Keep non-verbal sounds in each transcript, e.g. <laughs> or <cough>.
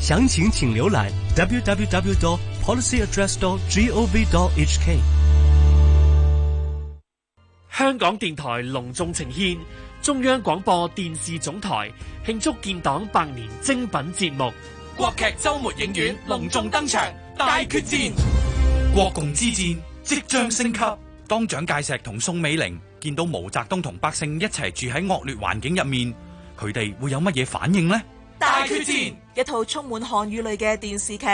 詳情請瀏覽 www.policyaddress.gov.hk。香港電台隆重呈現，中央廣播電視總台慶祝建黨百年精品節目《國劇周末影院》隆重登場，《大決戰》國共之戰即將升級。當蔣介石同宋美齡見到毛澤東同百姓一齊住喺惡劣環境入面，佢哋會有乜嘢反應呢？大決戰，一套充滿漢語類嘅電視劇，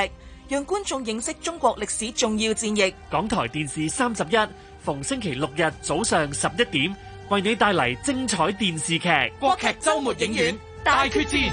讓觀眾認識中國歷史重要戰役。港台電視三十一，逢星期六日早上十一點，為你帶嚟精彩電視劇。國劇周末影院大決戰。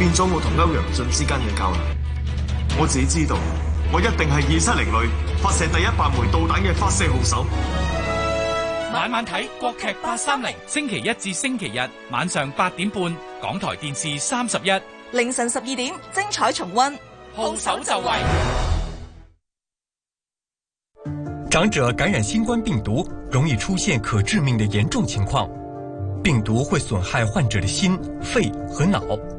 變咗我同歐陽俊之間嘅交流。我只知道，我一定係二七零裏發射第一百枚導彈嘅發射號手慢慢。晚晚睇國劇八三零，星期一至星期日晚上八點半，港台電視三十一，凌晨十二點精彩重溫。號手就位。長者感染新冠病毒，容易出現可致命的嚴重情況，病毒會損害患者的心、肺和腦。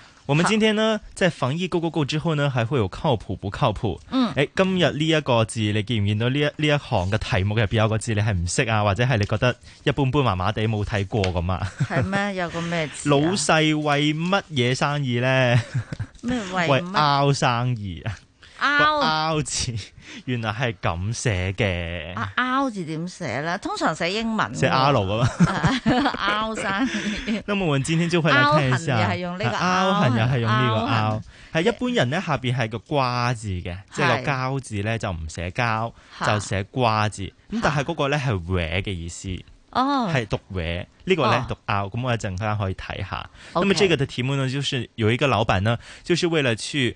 我們今天呢，即係防疫 GOGOGO 之後呢，係會有靠譜不靠譜？嗯，誒，今日呢一,一個字，你見唔見到呢一呢一行嘅題目入邊有個字，你係唔識啊，或者係你覺得一般般，一般，麻麻地冇睇過咁啊？係咩？有個咩字，啊？老細為乜嘢生意咧？咩為？為 R <laughs> 生意啊！拗字原來係咁寫嘅。拗字點寫咧？通常寫英文。寫 R 啊嘛。拗生意。咁我哋今日就會嚟聽下拗痕係用呢個拗。拗痕又係用呢個拗。係一般人咧下邊係個瓜字嘅，即係個交字咧就唔寫交，就寫瓜字。咁但係嗰個咧係 re 嘅意思。哦。係讀 re, 個呢個咧、哦、讀拗。咁我一陣間可以睇下、okay。那麼這個嘅題目呢，就是有一個老板呢，就是為了去。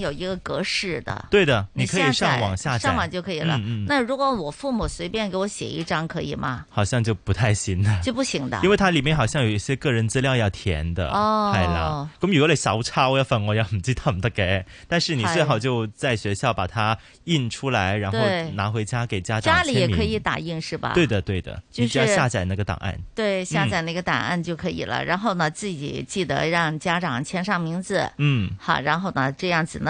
有一個格式的，對的，你可以上網下載，下載上網就可以了，嗯嗯。那如果我父母隨便給我寫一張，可以嗎？好像就不太行的，就不行的，因為它裏面好像有一些個人資料要填的。哦，係啦、嗯。咁如果你手抄一份，我也唔知得唔得嘅。但、嗯、是你最好就在學校把它印出來，然後拿回家給家長。家裏也可以打印是吧？對的，對的，就是、你只要下載那個檔案。對，下載那個檔案就可以了、嗯。然後呢，自己記得讓家長簽上名字。嗯，好。然後呢，這樣子呢。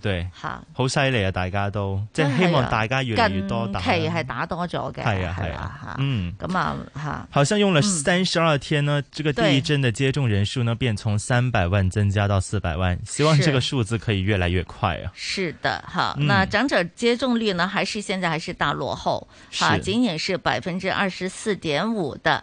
對，吓好犀利啊！大家都即係希望大家越嚟越多打。近、哎、係打多咗嘅，係啊係啊吓。嗯，咁啊吓。好像、嗯、用了三十二天呢、嗯，這個第一針的接種人數呢，變從三百萬增加到四百萬。希望這個數字可以越來越快啊！是，是的，好、嗯。那長者接種率呢，還是現在還是大落後，啊，僅僅是百分之二十四點五的。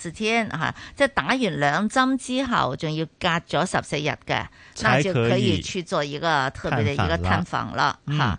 十天吓，即係打完兩針之後仲要隔咗十四日嘅，那就可以去做一個特別嘅一個探訪啦吓。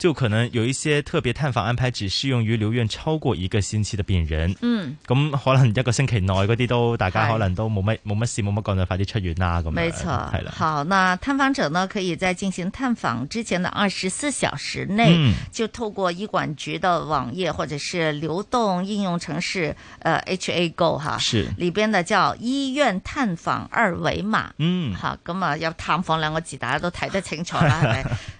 就可能有一些特別探訪安排，只適用於留院超過一個星期的病人。嗯，咁、嗯、可能一個星期內嗰啲都，大家可能都冇乜冇乜事冇乜講就快啲出院啦。咁，沒錯，係啦。好，那探訪者呢，可以在進行探訪之前的二十四小時內，嗯，就透過醫管局的網頁或者是流動應用程式，呃、HA Go 哈，是裏邊的叫醫院探訪二維碼。嗯，好，咁啊，要探訪兩個字，大家都睇得清楚啦， <laughs> 唉 <laughs>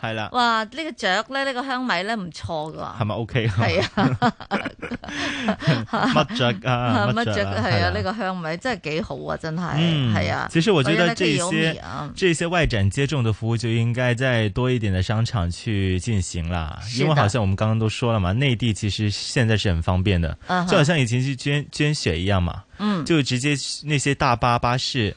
係啦，哇！這個、呢個雀咧，呢、這個香米咧唔錯噶，係咪 OK？係啊，乜 <laughs> 雀啊？乜雀係啊？呢個香米真係幾好啊！真係，係、嗯、啊。其實我覺得這些呢這些外展接種的服務就應該再多一點的商場去進行啦，因為好像我們剛剛都說了嘛，內地其實現在是很方便的，uh-huh、就好像以前去捐捐血一樣嘛，嗯，就直接那些大巴巴士。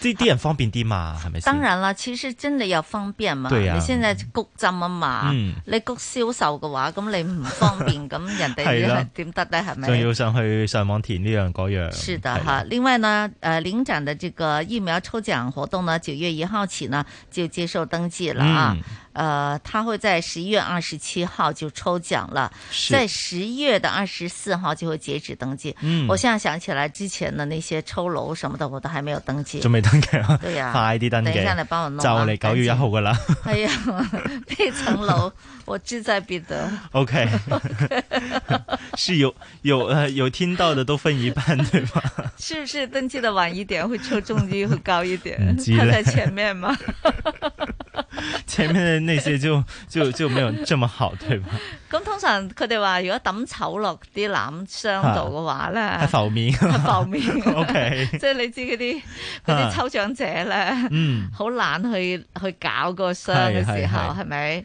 即啲人方便啲嘛，係咪？當然啦，其實真係又方便嘛。對啊，你現在谷針啊嘛，嗯、你谷銷售嘅話，咁你唔方便，咁 <laughs> 人哋點得呢？係 <laughs> 咪？仲要上去上網填呢樣嗰樣。是的哈、啊，另外呢，誒、呃，領展的這個疫苗抽獎活動呢，九月一號起呢就接受登記了啊。誒、嗯，他、呃、會在十一月二十七號就抽獎了，在十一月的二十四號就會截止登記。嗯，我現在想起來之前的那些抽樓什麼的，我都還沒有登記。登記咯，快啲登記，就嚟九月一號噶啦。係啊，呢層樓我志在必得。 <laughs> <laughs> o Okay . K， <laughs> 是有有誒、呃、有聽到的都分一半對吧？是不是登記得晚一點 <laughs> 會抽中率會高一點？擠在前面嘛， <laughs> <laughs> 前面的那些就就就沒有這麼好對吧？咁、嗯 <laughs> 嗯嗯嗯、通常佢哋話如果抌丑落啲籃箱度嘅話咧，係浮面，係浮面。O K，即係你知嗰啲嗰啲。啊抽獎者咧，嗯，好懶去去搞個箱嘅時候，係咪？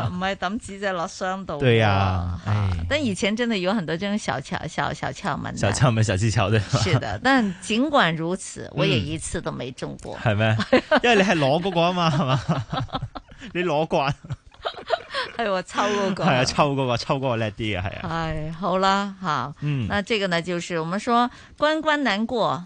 唔係抌紙就落箱度。對呀、啊啊哎，但以前真的有很多這種小竅小小竅門。小竅門、小技巧，巧，巧，對吧。是的，但盡管如此，我也一次都沒中過。係、嗯、咩？嗎 <laughs> 因為你係攞嗰個啊嘛，係 <laughs> 嘛 <laughs> 你拿慣笑、 <laughs> <laughs> 哎？你攞過？係我抽嗰、那個。係啊，抽嗰、那個， <laughs> 抽嗰、那個叻啲啊，係 <laughs> 啊、那個。係 <laughs> 好，哎、好啦，吓，嗯，那這個呢，就是我們說關關難過。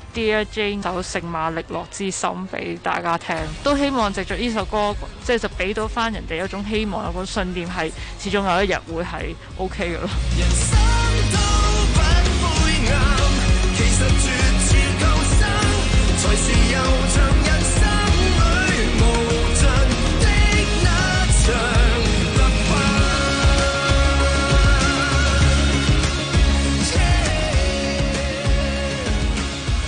D.J. 首聖馬力諾之心俾大家聽，都希望借著呢首歌，即係就俾到翻人哋一種希望，有個信念係始終有一日會係 O.K. 噶咯。 <music>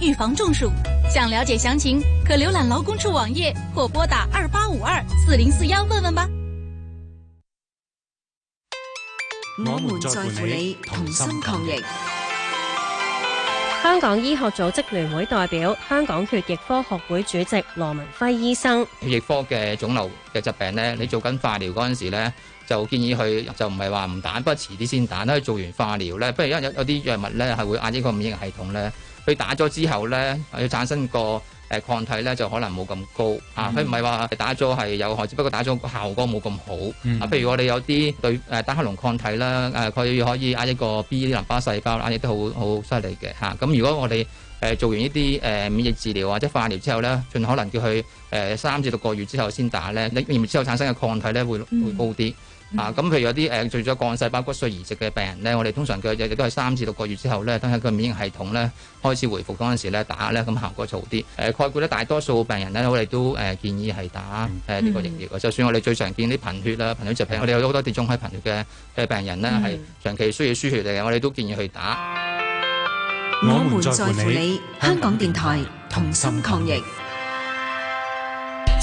預防中暑，想了解詳情，可瀏覽勞工處網頁或撥打二八五二四零四幺問問吧。我們在乎你，同心抗疫。香港醫學組織聯會代表、香港血液科學會主席羅文輝醫生：血液科嘅腫瘤嘅疾病呢，你做緊化療嗰陣時呢，就建議佢，就唔係話唔打，不過遲啲先打啦。因為做完化療呢，不如因為有有啲藥物呢，係會壓呢個免疫系統呢。佢打咗之後咧，要產生個誒抗體咧，就可能冇咁高、嗯、啊。佢唔係話打咗係有害，只不過打咗效果冇咁好、嗯、啊。譬如我哋有啲對誒單克隆抗體啦，誒、啊、佢可以壓一個 B 淋巴細胞，壓亦都好好犀利嘅吓。咁如果我哋做完呢啲誒免疫治療或者化療之後咧，盡可能叫佢誒三至六個月之後先打咧，你然之後產生嘅抗體咧會會高啲。嗯嗯、啊，咁譬如有啲誒，做咗幹細胞骨髓移植嘅病人咧，我哋通常佢日日都係三至六個月之後咧，等佢個免疫系統咧開始回復嗰陣時咧打咧，咁效果就好啲。誒、呃，概括咧大多數病人咧，我哋都誒、呃、建議係打誒呢、嗯呃這個疫苗嘅。就算我哋最常見啲貧血啦、貧血疾病，我哋有好多啲中危貧血嘅誒病人咧係長期需要輸血嚟嘅，我哋都建議去打。我們在乎你，香港電台同心抗疫。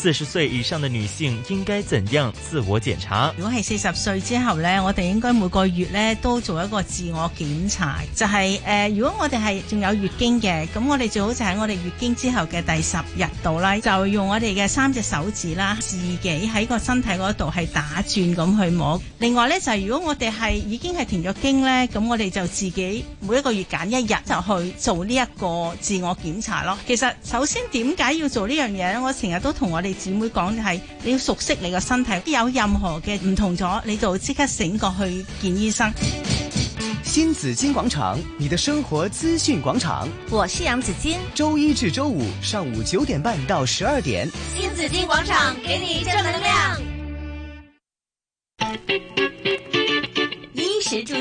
四十歲以上的女性應該怎樣自我檢查？如果係四十歲之後呢，我哋應該每個月呢都做一個自我檢查，就係、是、誒、呃，如果我哋係仲有月經嘅，咁我哋最好就喺我哋月經之後嘅第十日度啦，就用我哋嘅三隻手指啦，自己喺個身體嗰度係打轉咁去摸。另外呢，就係、是、如果我哋係已經係停咗經呢，咁我哋就自己每一個月揀一日就去做呢一個自我檢查咯。其實首先點解要做呢樣嘢呢？我成日都同我哋。姐妹講就係你要熟悉你個身體，有任何嘅唔同咗，你就即刻醒過去見醫生。新紫荊廣場，你的生活資訊廣場。我是楊子矜，周一至周五上午九點半到十二點。新紫荊廣場，給你正能量。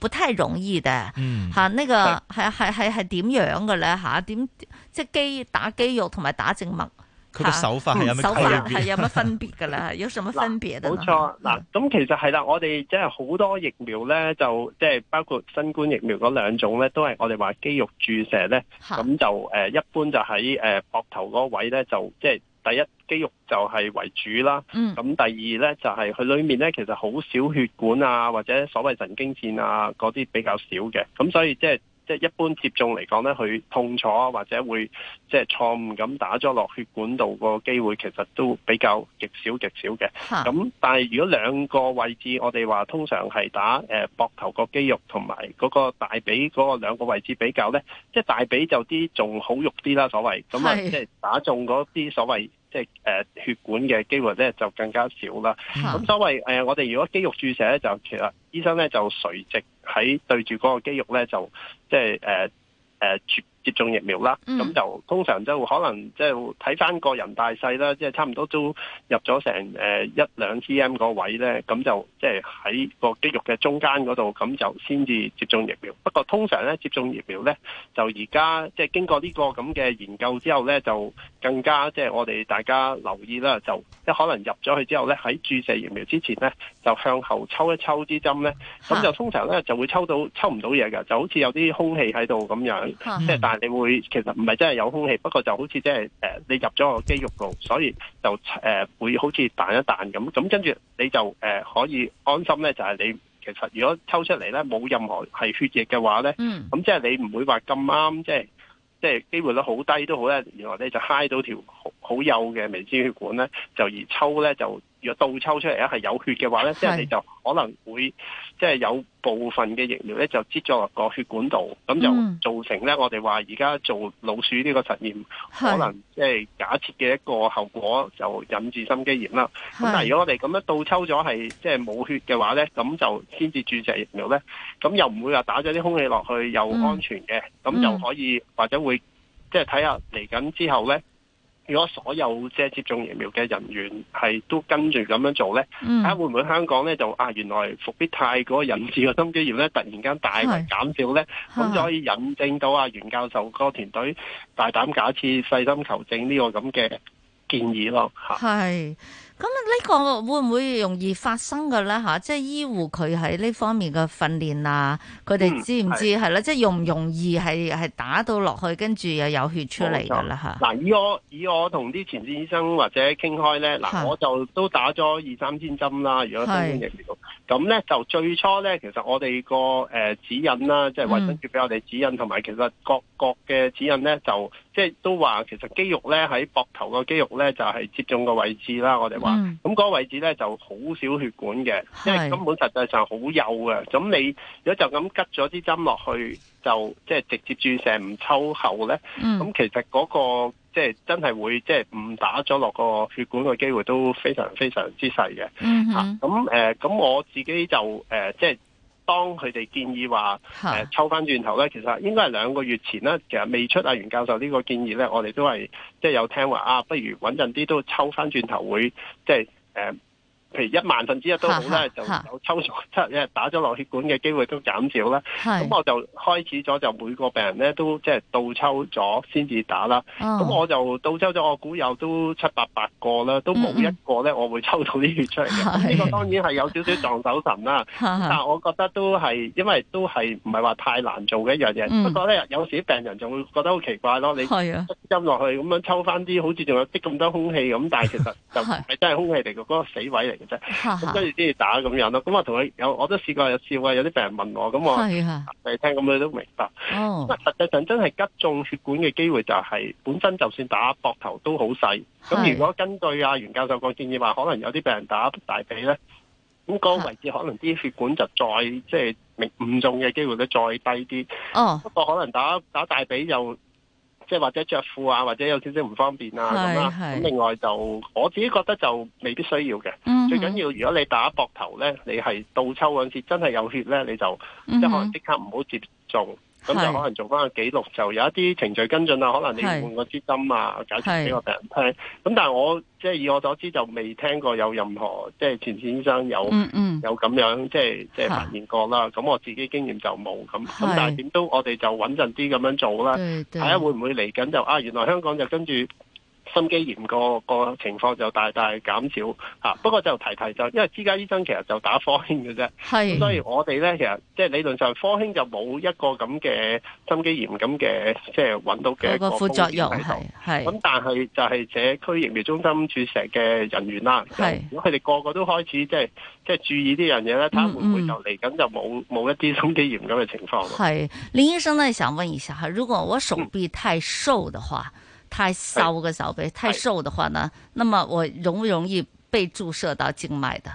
不太容易嘅嚇，呢個係係係係點樣嘅咧嚇？點即肌打肌肉同埋打靜脈，佢嘅手法係有咩手法係有乜分別嘅啦？有什麼分別嘅呢？冇錯，嗱、嗯、咁其實係啦，我哋即係好多疫苗咧，就即係包括新冠疫苗嗰兩種咧，都係我哋話肌肉注射咧，咁、啊、就誒、呃、一般就喺誒膊頭嗰位咧，就即係第一，肌肉就係為主啦，咁、嗯、第二咧，就係佢裏面咧，其實好少血管啊，或者所謂神經線啊嗰啲比較少嘅。咁所以即係即係一般接種嚟講咧，佢痛楚啊或者會即係錯誤咁打咗落血管度，個機會，其實都比較極少極少嘅。咁、啊、但係如果兩個位置，我哋話通常係打誒膊頭個肌肉同埋嗰個大髀嗰個兩個位置比較咧，即、就、係、是、大髀就啲仲好肉啲啦，所謂咁啊即係打中嗰啲所謂。即係誒血管嘅機會咧，就更加少啦。咁所謂誒，我哋如果肌肉注射咧，就其實醫生咧就垂直喺對住嗰個肌肉咧，就即係誒誒。就是呃呃嗯、接種疫苗啦，咁就通常就可能即係睇翻個人大細啦，即係差唔多都入咗成誒一兩 cm 個位咧，咁就即係喺個肌肉嘅中間嗰度，咁就先至接種疫苗。不過通常咧接種疫苗咧，就而家即係經過呢個咁嘅研究之後咧，就更加即係我哋大家留意啦，就即係可能入咗去之後咧，喺注射疫苗之前咧，就向後抽一抽支針咧，咁就通常咧就會抽到抽唔到嘢㗎，就好似有啲空氣喺度咁樣，即係大但係你會其實唔係真係有空氣，不過就好似即係誒，你入咗個肌肉度，所以就誒、呃、會好似彈一彈咁。咁跟住你就誒、呃、可以安心咧，就係、是、你其實如果抽出嚟咧冇任何係血液嘅話咧，嗯，咁即係你唔會話咁啱，即係即係機會率低好低都好咧。原來你就嗨到條好幼嘅微絲血管咧，就而抽咧就。如果倒抽出嚟咧，係有血嘅話咧，即係你就可能會即係、就是、有部分嘅疫苗咧就擠咗落個血管度，咁、嗯、就造成咧我哋話而家做老鼠呢個實驗可能即係假設嘅一個後果就引致心肌炎啦。咁但係如果我哋咁樣倒抽咗係即係冇血嘅話咧，咁就先至注射疫苗咧，咁又唔會話打咗啲空氣落去又安全嘅，咁、嗯、又可以、嗯、或者會即係睇下嚟緊之後咧。如果所有即係接種疫苗嘅人員係都跟住咁樣做呢，睇、嗯、下、啊、會唔會香港呢就啊原來復必泰嗰個引致嘅心肌炎呢突然間大為減少呢，咁就可以引證到阿袁教授個團隊大膽假設、細心求證呢個咁嘅建議咯，嚇。係。咁呢個會唔會容易發生嘅咧？即、就、係、是、醫護佢喺呢方面嘅訓練啊，佢、嗯、哋知唔知係啦？即係容唔容易係係打到落去，跟住又有血出嚟啦？嚇！嗱，以我以我同啲前線醫生或者傾開咧，嗱，我就都打咗二三千針啦，如果新冠疫苗。咁咧就最初咧，其實我哋個誒指引啦，即係衛生處俾我哋指引，同、就、埋、是嗯、其實各國嘅指引咧就。即係都話其實肌肉咧喺膊頭個肌肉咧就係、是、接種個位置啦，我哋話，咁、嗯、嗰、那個位置咧就好少血管嘅，因為根本實際上好幼嘅。咁你如果就咁拮咗啲針落去，就即係直接注射唔抽後咧，咁、嗯、其實嗰、那個即係真係會即係誤打咗落個血管個機會都非常非常之細嘅。咁、嗯、誒，咁、啊呃、我自己就誒、呃、即係。當佢哋建議話誒、呃、抽翻轉頭咧，其實應該係兩個月前啦。其實未出阿、啊、袁教授呢個建議咧，我哋都係即係有聽話啊，不如穩陣啲都抽翻轉頭會即係誒。呃譬如一萬分之一都好啦，就有抽咗，即係打咗落血管嘅機會都減少啦。咁我就開始咗，就每個病人咧都即係倒抽咗先至打啦。咁、哦、我就倒抽咗，我估有都七八百個啦，都冇一個咧、嗯，我會抽到啲血出嚟嘅。呢、嗯這個當然係有少少撞手神啦，但我覺得都係因為都係唔係話太難做嘅一樣嘢、嗯。不過咧，有時啲病人就會覺得好奇怪咯，你一針落去咁樣抽翻啲，好似仲有啲咁多空氣咁，但係其實就唔係真係空氣嚟嘅嗰個死位嚟。咁跟住啲打咁樣咯，咁我同佢有我都試過有試過有啲病人問我，咁我係啊，你聽咁你都明白。咁、哦、因實際上真係吉中血管嘅機會就係、是、本身就算打膊頭都好細，咁如果根據阿袁教授個建議話，可能有啲病人打大髀咧，咁、那個位置可能啲血管就再即係唔中嘅機會咧再低啲。哦，不過可能打打大髀又。即係或者着褲啊，或者有少少唔方便啊咁啦。咁另外就我自己覺得就未必需要嘅、嗯。最緊要如果你打膊頭咧，你係倒抽嗰陣時真係有血咧，你就即、嗯、可能即刻唔好接種。咁就可能做翻個記錄，就有一啲程序跟進啦。可能你要換個資金啊，解釋俾我病人聽。咁但係我即係以我所知就未聽過有任何即係前線醫生有、嗯嗯、有咁樣即係即係發現過啦。咁我自己經驗就冇咁。咁但係點都我哋就穩陣啲咁樣做啦。睇下會唔會嚟緊就啊，原來香港就跟住。心肌炎個個情況就大大減少吓，啊，不過就提提就，因為私家醫生其實就打科興嘅啫，係，咁所以我哋咧其實即係理論上就科興就冇一個咁嘅心肌炎咁嘅即係搵到嘅個，個副作用係，係，咁但係就係社區疫苗中心注射嘅人員啦，係，如果佢哋個個都開始即係即係注意呢樣嘢咧，他會唔會，嗯、就嚟緊就冇冇一啲心肌炎咁嘅情況？係林醫生咧，想問一下吓如果我手臂太瘦的話？嗯太瘦嘅小朋友，太瘦嘅話呢？那麼我容唔容易被注射到靜脈的？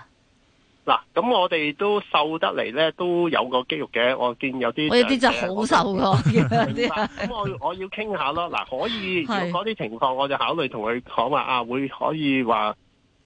嗱，咁我哋都瘦得嚟呢都有個肌肉嘅。我見有啲，我有啲真係好瘦個。咁 <laughs> <laughs> 我我要傾下咯。嗱，可以，如果啲情況，我就考慮同佢講話啊，會可以話。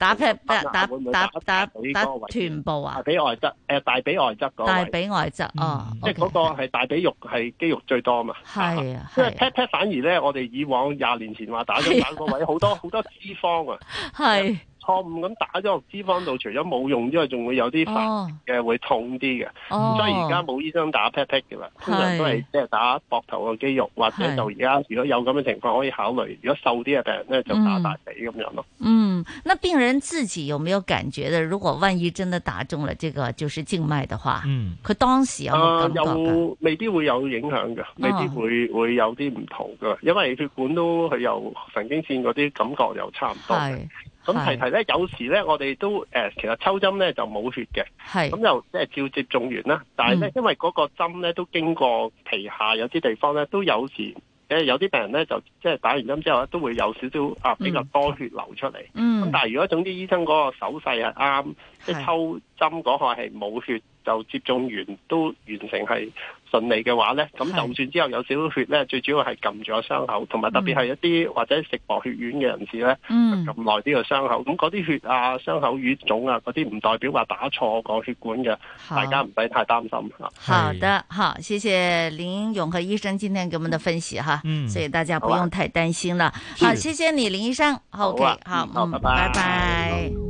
打屁，打打打打打，打打打打打，打 pat 打打打打打臀部啊！大髀外側，誒大髀外側嗰個位。大髀外側，哦、嗯，即係嗰個係大髀肉係、嗯、肌肉最多嘛。係啊，啊，啊，因為 pat pat 反而咧，我哋以往廿年前話打咗反個位，好、啊、多好、啊、多脂肪啊。係、啊。啊錯誤咁打咗落脂肪度，除咗冇用之外，仲會有啲煩嘅，會痛啲嘅、哦。所以而家冇醫生打 pat pat 嘅啦，通、哦、常都係即係打膊頭嘅肌肉、哎，或者就而家如果有咁嘅情況，可以考慮。如果瘦啲嘅病人咧，就打大髀咁樣咯、嗯。嗯，那病人自己有冇有感覺的？如果萬一真係打中了這個就是靜脈嘅話，佢、嗯、當時有，有、啊、有未必會有影響嘅，未必會、哦、會有啲唔同嘅，因為血管都係有神經線嗰啲感覺又差唔多。係、哎。咁提提咧，有時咧我哋都誒、呃，其實抽針咧就冇血嘅，咁就即係照接種完啦、嗯。但係咧，因為嗰個針咧都經過皮下有啲地方咧，都有時誒、呃，有啲病人咧就即係打完針之後咧，都會有少少啊，比較多血流出嚟。咁、嗯、但係如果總之醫生嗰個手勢係啱，即係抽針嗰下係冇血，就接種完都完成係。順利嘅話咧，咁就算之後有少少血咧，最主要係撳住個傷口，同、嗯、埋特別係一啲或者食薄血丸嘅人士咧，撳耐啲個傷口，咁嗰啲血啊、傷口淤腫啊，嗰啲唔代表話打錯個血管嘅，大家唔使太擔心吓。好的，好，謝謝林永和醫生今天給我們的分析吓。嗯，所以大家不用太擔心啦、嗯啊。好，謝謝你林醫生。Okay, 好嘅、啊，好，嗯，拜拜。拜拜拜拜。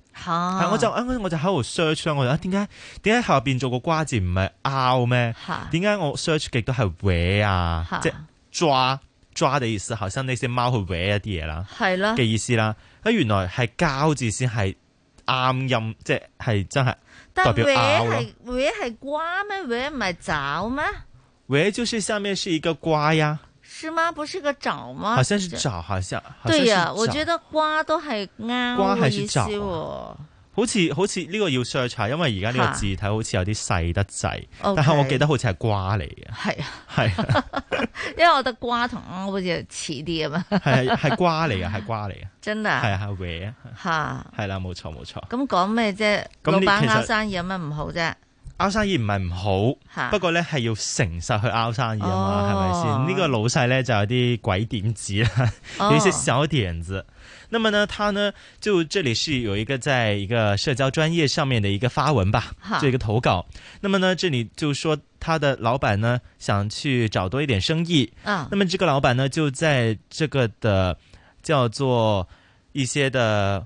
係、啊啊，我就，我就喺度 search 啦。我話，啊，點解，點解下邊做個瓜字唔係拗咩？點、啊、解我 search 極都係搲啊？即係抓抓嘅意思，後生呢些貓去搲一啲嘢啦，係啦嘅意思啦。咁原來係交字先係啱音，即係真係代表拗。係搲係瓜咩？搲唔係爪咩？搲就是下面是一個瓜呀。是嗎？不是個爪嗎？好像是爪，好像。對啊肘肘，我覺得瓜都係啱、啊。瓜還是爪？好似好似呢個要削查，因為而家呢個字體好似有啲細得滯，okay。但係我記得好似係瓜嚟嘅。係啊，係、啊。 <laughs> <laughs> 因為我覺得瓜同啱好似似啲啊嘛。係係瓜嚟嘅，係瓜嚟嘅。真係啊。係 <laughs> 啊 w h e 吓。係啦，冇錯冇錯。咁講咩啫？老闆啱生意有咩唔好啫？拗生意唔係唔好，不過咧係要誠實去拗生意啊嘛，係咪先？呢，這個老細咧就有啲鬼點子啦，哦， <laughs> 有一些小點子。那麼呢，他呢就這裏是有一個在一個社交專業上面的一個發文吧，做一個投稿。那麼呢，這裏就說他的老闆呢想去找多一點生意。啊，哦，那麼這個老闆呢就在這個的叫做一些的。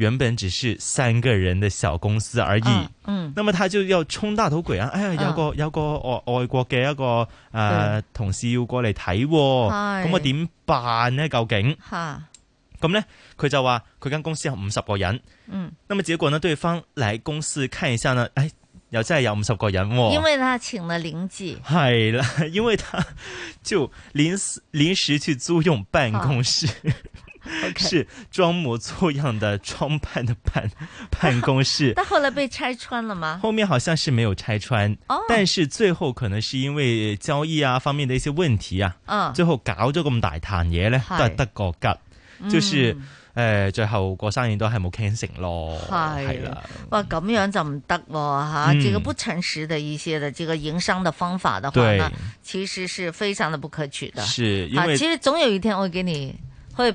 原本只是三個人的小公司而已、啊，嗯，那麼他就要充大頭鬼啊！哎呀，有個、啊、有個哦，外國嘅一個啊同事要過嚟睇、哦，咁我點辦呢？究竟？咁呢，佢就話佢間公司有五十個人，嗯，咁結果呢？對方來公司看一下呢，哎，又真係有五十個人喔、哦，因為他請了臨記，係啦，因為他就臨時臨時去租用辦公室。 <laughs> Okay. 是裝模作樣的裝扮的辦辦公室， <laughs> 但後來被拆穿了嗎？後面好像是沒有拆穿，哦、但是最後可能是因為交易啊方面的一些問題啊，嗯、哦，最後搞咗咁大壇嘢呢都係得個吉，就是誒、嗯呃，最後個生意都係冇 cancel 咯，係啦，哇，咁樣就唔得吓、嗯，這個不誠實的一些的這個營商的方法的話呢，其實是非常的不可取的，是因為、啊、其實總有一天我給你會。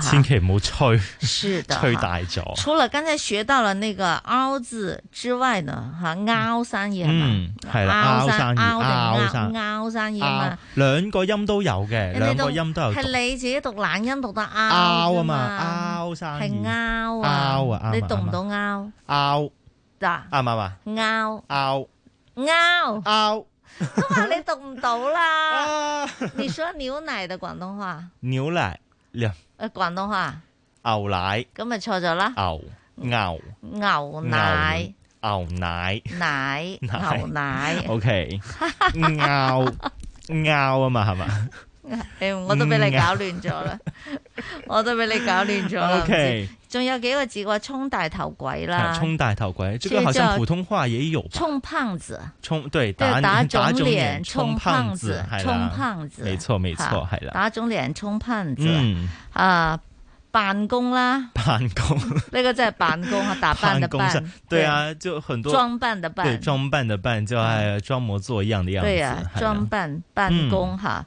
千祈唔好吹，吹大咗。除了剛才學到了那個拗字之外呢，哈拗生意，嗯係拗生意？拗生拗生意啊，兩、嗯、個音都有嘅，兩個音都有。係你自己讀懶音讀得拗啊嘛，拗、啊、生係拗啊拗啊，啊，你讀唔到拗拗嗱啱唔啱？拗拗拗拗， <laughs> 都話你讀唔到啦。 <laughs> 你說牛、呃、奶的廣東話，牛奶誒，廣東話，牛奶，咁咪錯咗啦，牛牛牛奶牛奶奶牛奶，OK，拗拗啊嘛，係嘛？我都俾你搞亂咗啦，我都俾你搞亂咗。O K，仲有幾個字話充大頭鬼啦，啊、充大頭鬼，這個好像普通話也有。充胖子，充對打、就是、打腫臉充胖子，充胖子，胖子沒錯沒錯，係啦，打腫臉充胖子。嗯啊，扮工啦，扮工，呢 <laughs> 個真係扮工吓，打扮的扮，對啊，就很多裝扮的扮，對裝扮的扮，就愛裝模作樣的樣子。嗯、對呀、啊，裝扮扮，扮工、嗯啊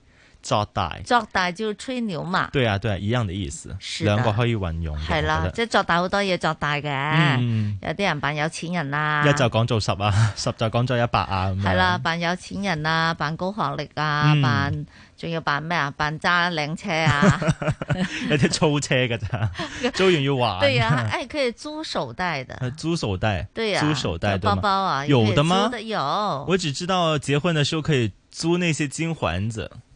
作大作大就叫吹牛嘛？對啊對啊，一樣的意思，是兩個可以運用的。係啦，即係作大好多嘢，作大嘅、嗯，有啲人扮有錢人啦、啊，一就講做十啊，十就講做一百啊。係啦，扮有錢人啊，扮高學歷啊，嗯、扮仲要扮咩啊？扮揸靚車啊， <laughs> <laughs> <laughs> 有啲租車噶咋？ <laughs> 租完要還。對呀、啊，唉、哎，可以租手袋的，租手袋。對呀、啊，租手袋，包包啊，有的嗎？的有。我只知道結婚嘅時候可以租那些金環子。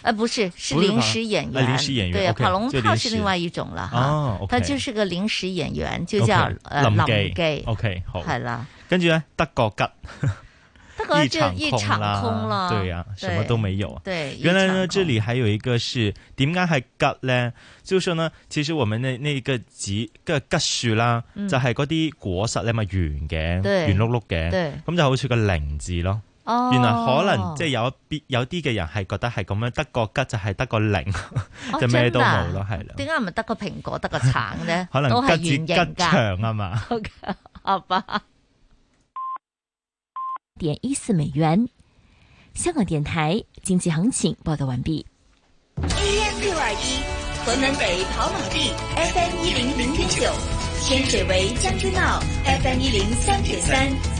誒、呃，不是，是臨時演員，臨時、啊、演員，對、啊，跑、okay, 龍套是另外一種了哦，他、啊啊 okay, 就是個臨時演員，就叫 okay, 呃臨記，OK，係啦，跟住德國吉， <laughs> 德國就一場空啦，空啦對呀、啊，什麼都沒有啊，對，原來呢，這裏還有一個是點解係吉咧，就算、是、呢，至少我哋嗰嗰個字嘅吉樹、那個、啦，嗯、就係嗰啲果實咧，咪圓嘅，圓碌碌嘅，咁就好似個零字咯。原來可能，哦，即係有一啲有啲嘅人係覺得係咁樣得個吉就係得個零就咩都冇咯，係啦。點解唔係得個蘋果 <laughs> 得個橙呢？可能吉吉祥啊嘛。好嘅，好吧。點一四美元。香港電台經濟行情報道完畢。FM 六二一河南北跑馬地 FM 一零零點九天水圍將軍澳 FM 一零三點三。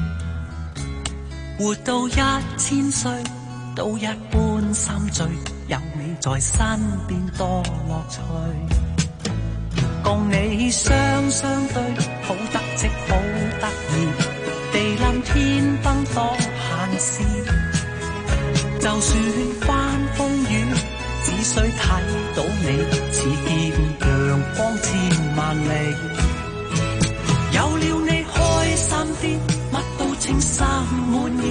活到一千歲，都一般心醉。有你在身邊，多樂趣。共你雙雙對，好得戚好得意。地冧天崩當閒事，就算翻風雨，只需睇到你，似見陽光千萬里。有了你，開心啲，乜都稱心滿意。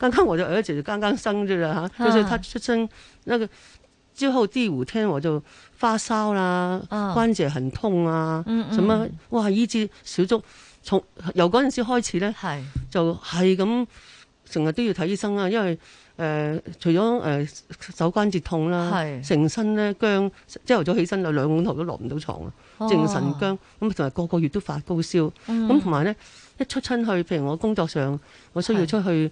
剛剛我就兒子就剛剛生日啦，吓、啊啊，就是、他出生那個之後第五天我就發燒啦，關節很痛啊，嗯嗯什麼哇醫治小足，從由嗰陣時開始咧，就係咁，成日都要睇醫生啊，因為誒、呃、除咗誒、呃、手關節痛啦、啊，成身咧僵，朝頭早起身啊，兩碗頭都落唔到床啊、哦，精神僵，咁啊成個個月都發高燒，咁同埋咧一出親去，譬如我工作上我需要出去。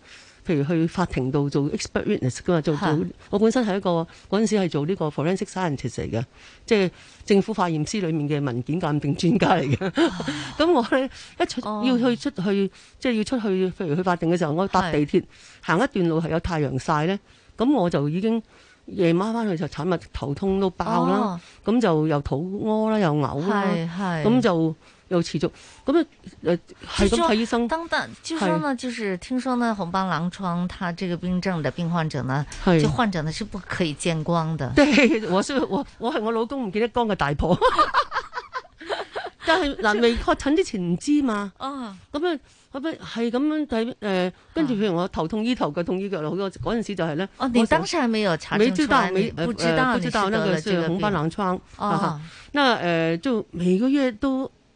譬如去法庭度做 expert witness 㗎嘛，做做是我本身係一個嗰陣時係做呢個 forensic scientist 嚟嘅，即係政府化驗師裏面嘅文件鑑定專家嚟嘅。咁、哦、 <laughs> 我咧一出要去出去，哦、即係要出去，譬如去法庭嘅時候，我搭地鐵行一段路係有太陽曬咧，咁我就已經夜晚翻去就產，物頭痛都爆啦，咁、哦、就又肚屙啦，又嘔啦，咁就。又持續咁啊，誒，係咁睇醫生。當但，就說呢，就是，是聽說呢，紅斑狼瘡，他這個病症的病患者呢，就患者呢是不可以見光的。對，我，我，我是我我係我老公唔見得光嘅大婆，哈哈 <laughs> 但係是嗱， <laughs> 未確診之前唔知嘛。哦， <laughs> 咁、呃、啊，咁啊，係咁樣睇，誒，跟住譬如我頭痛醫頭，腳、啊、痛醫腳咯，好多嗰陣時就係、是、咧。我、啊、當時係未確診，未知道，未不知道，不知，道呃、不知，道不知道那個是個紅斑狼瘡。哦、啊，那、啊、誒、啊呃，就每個月都。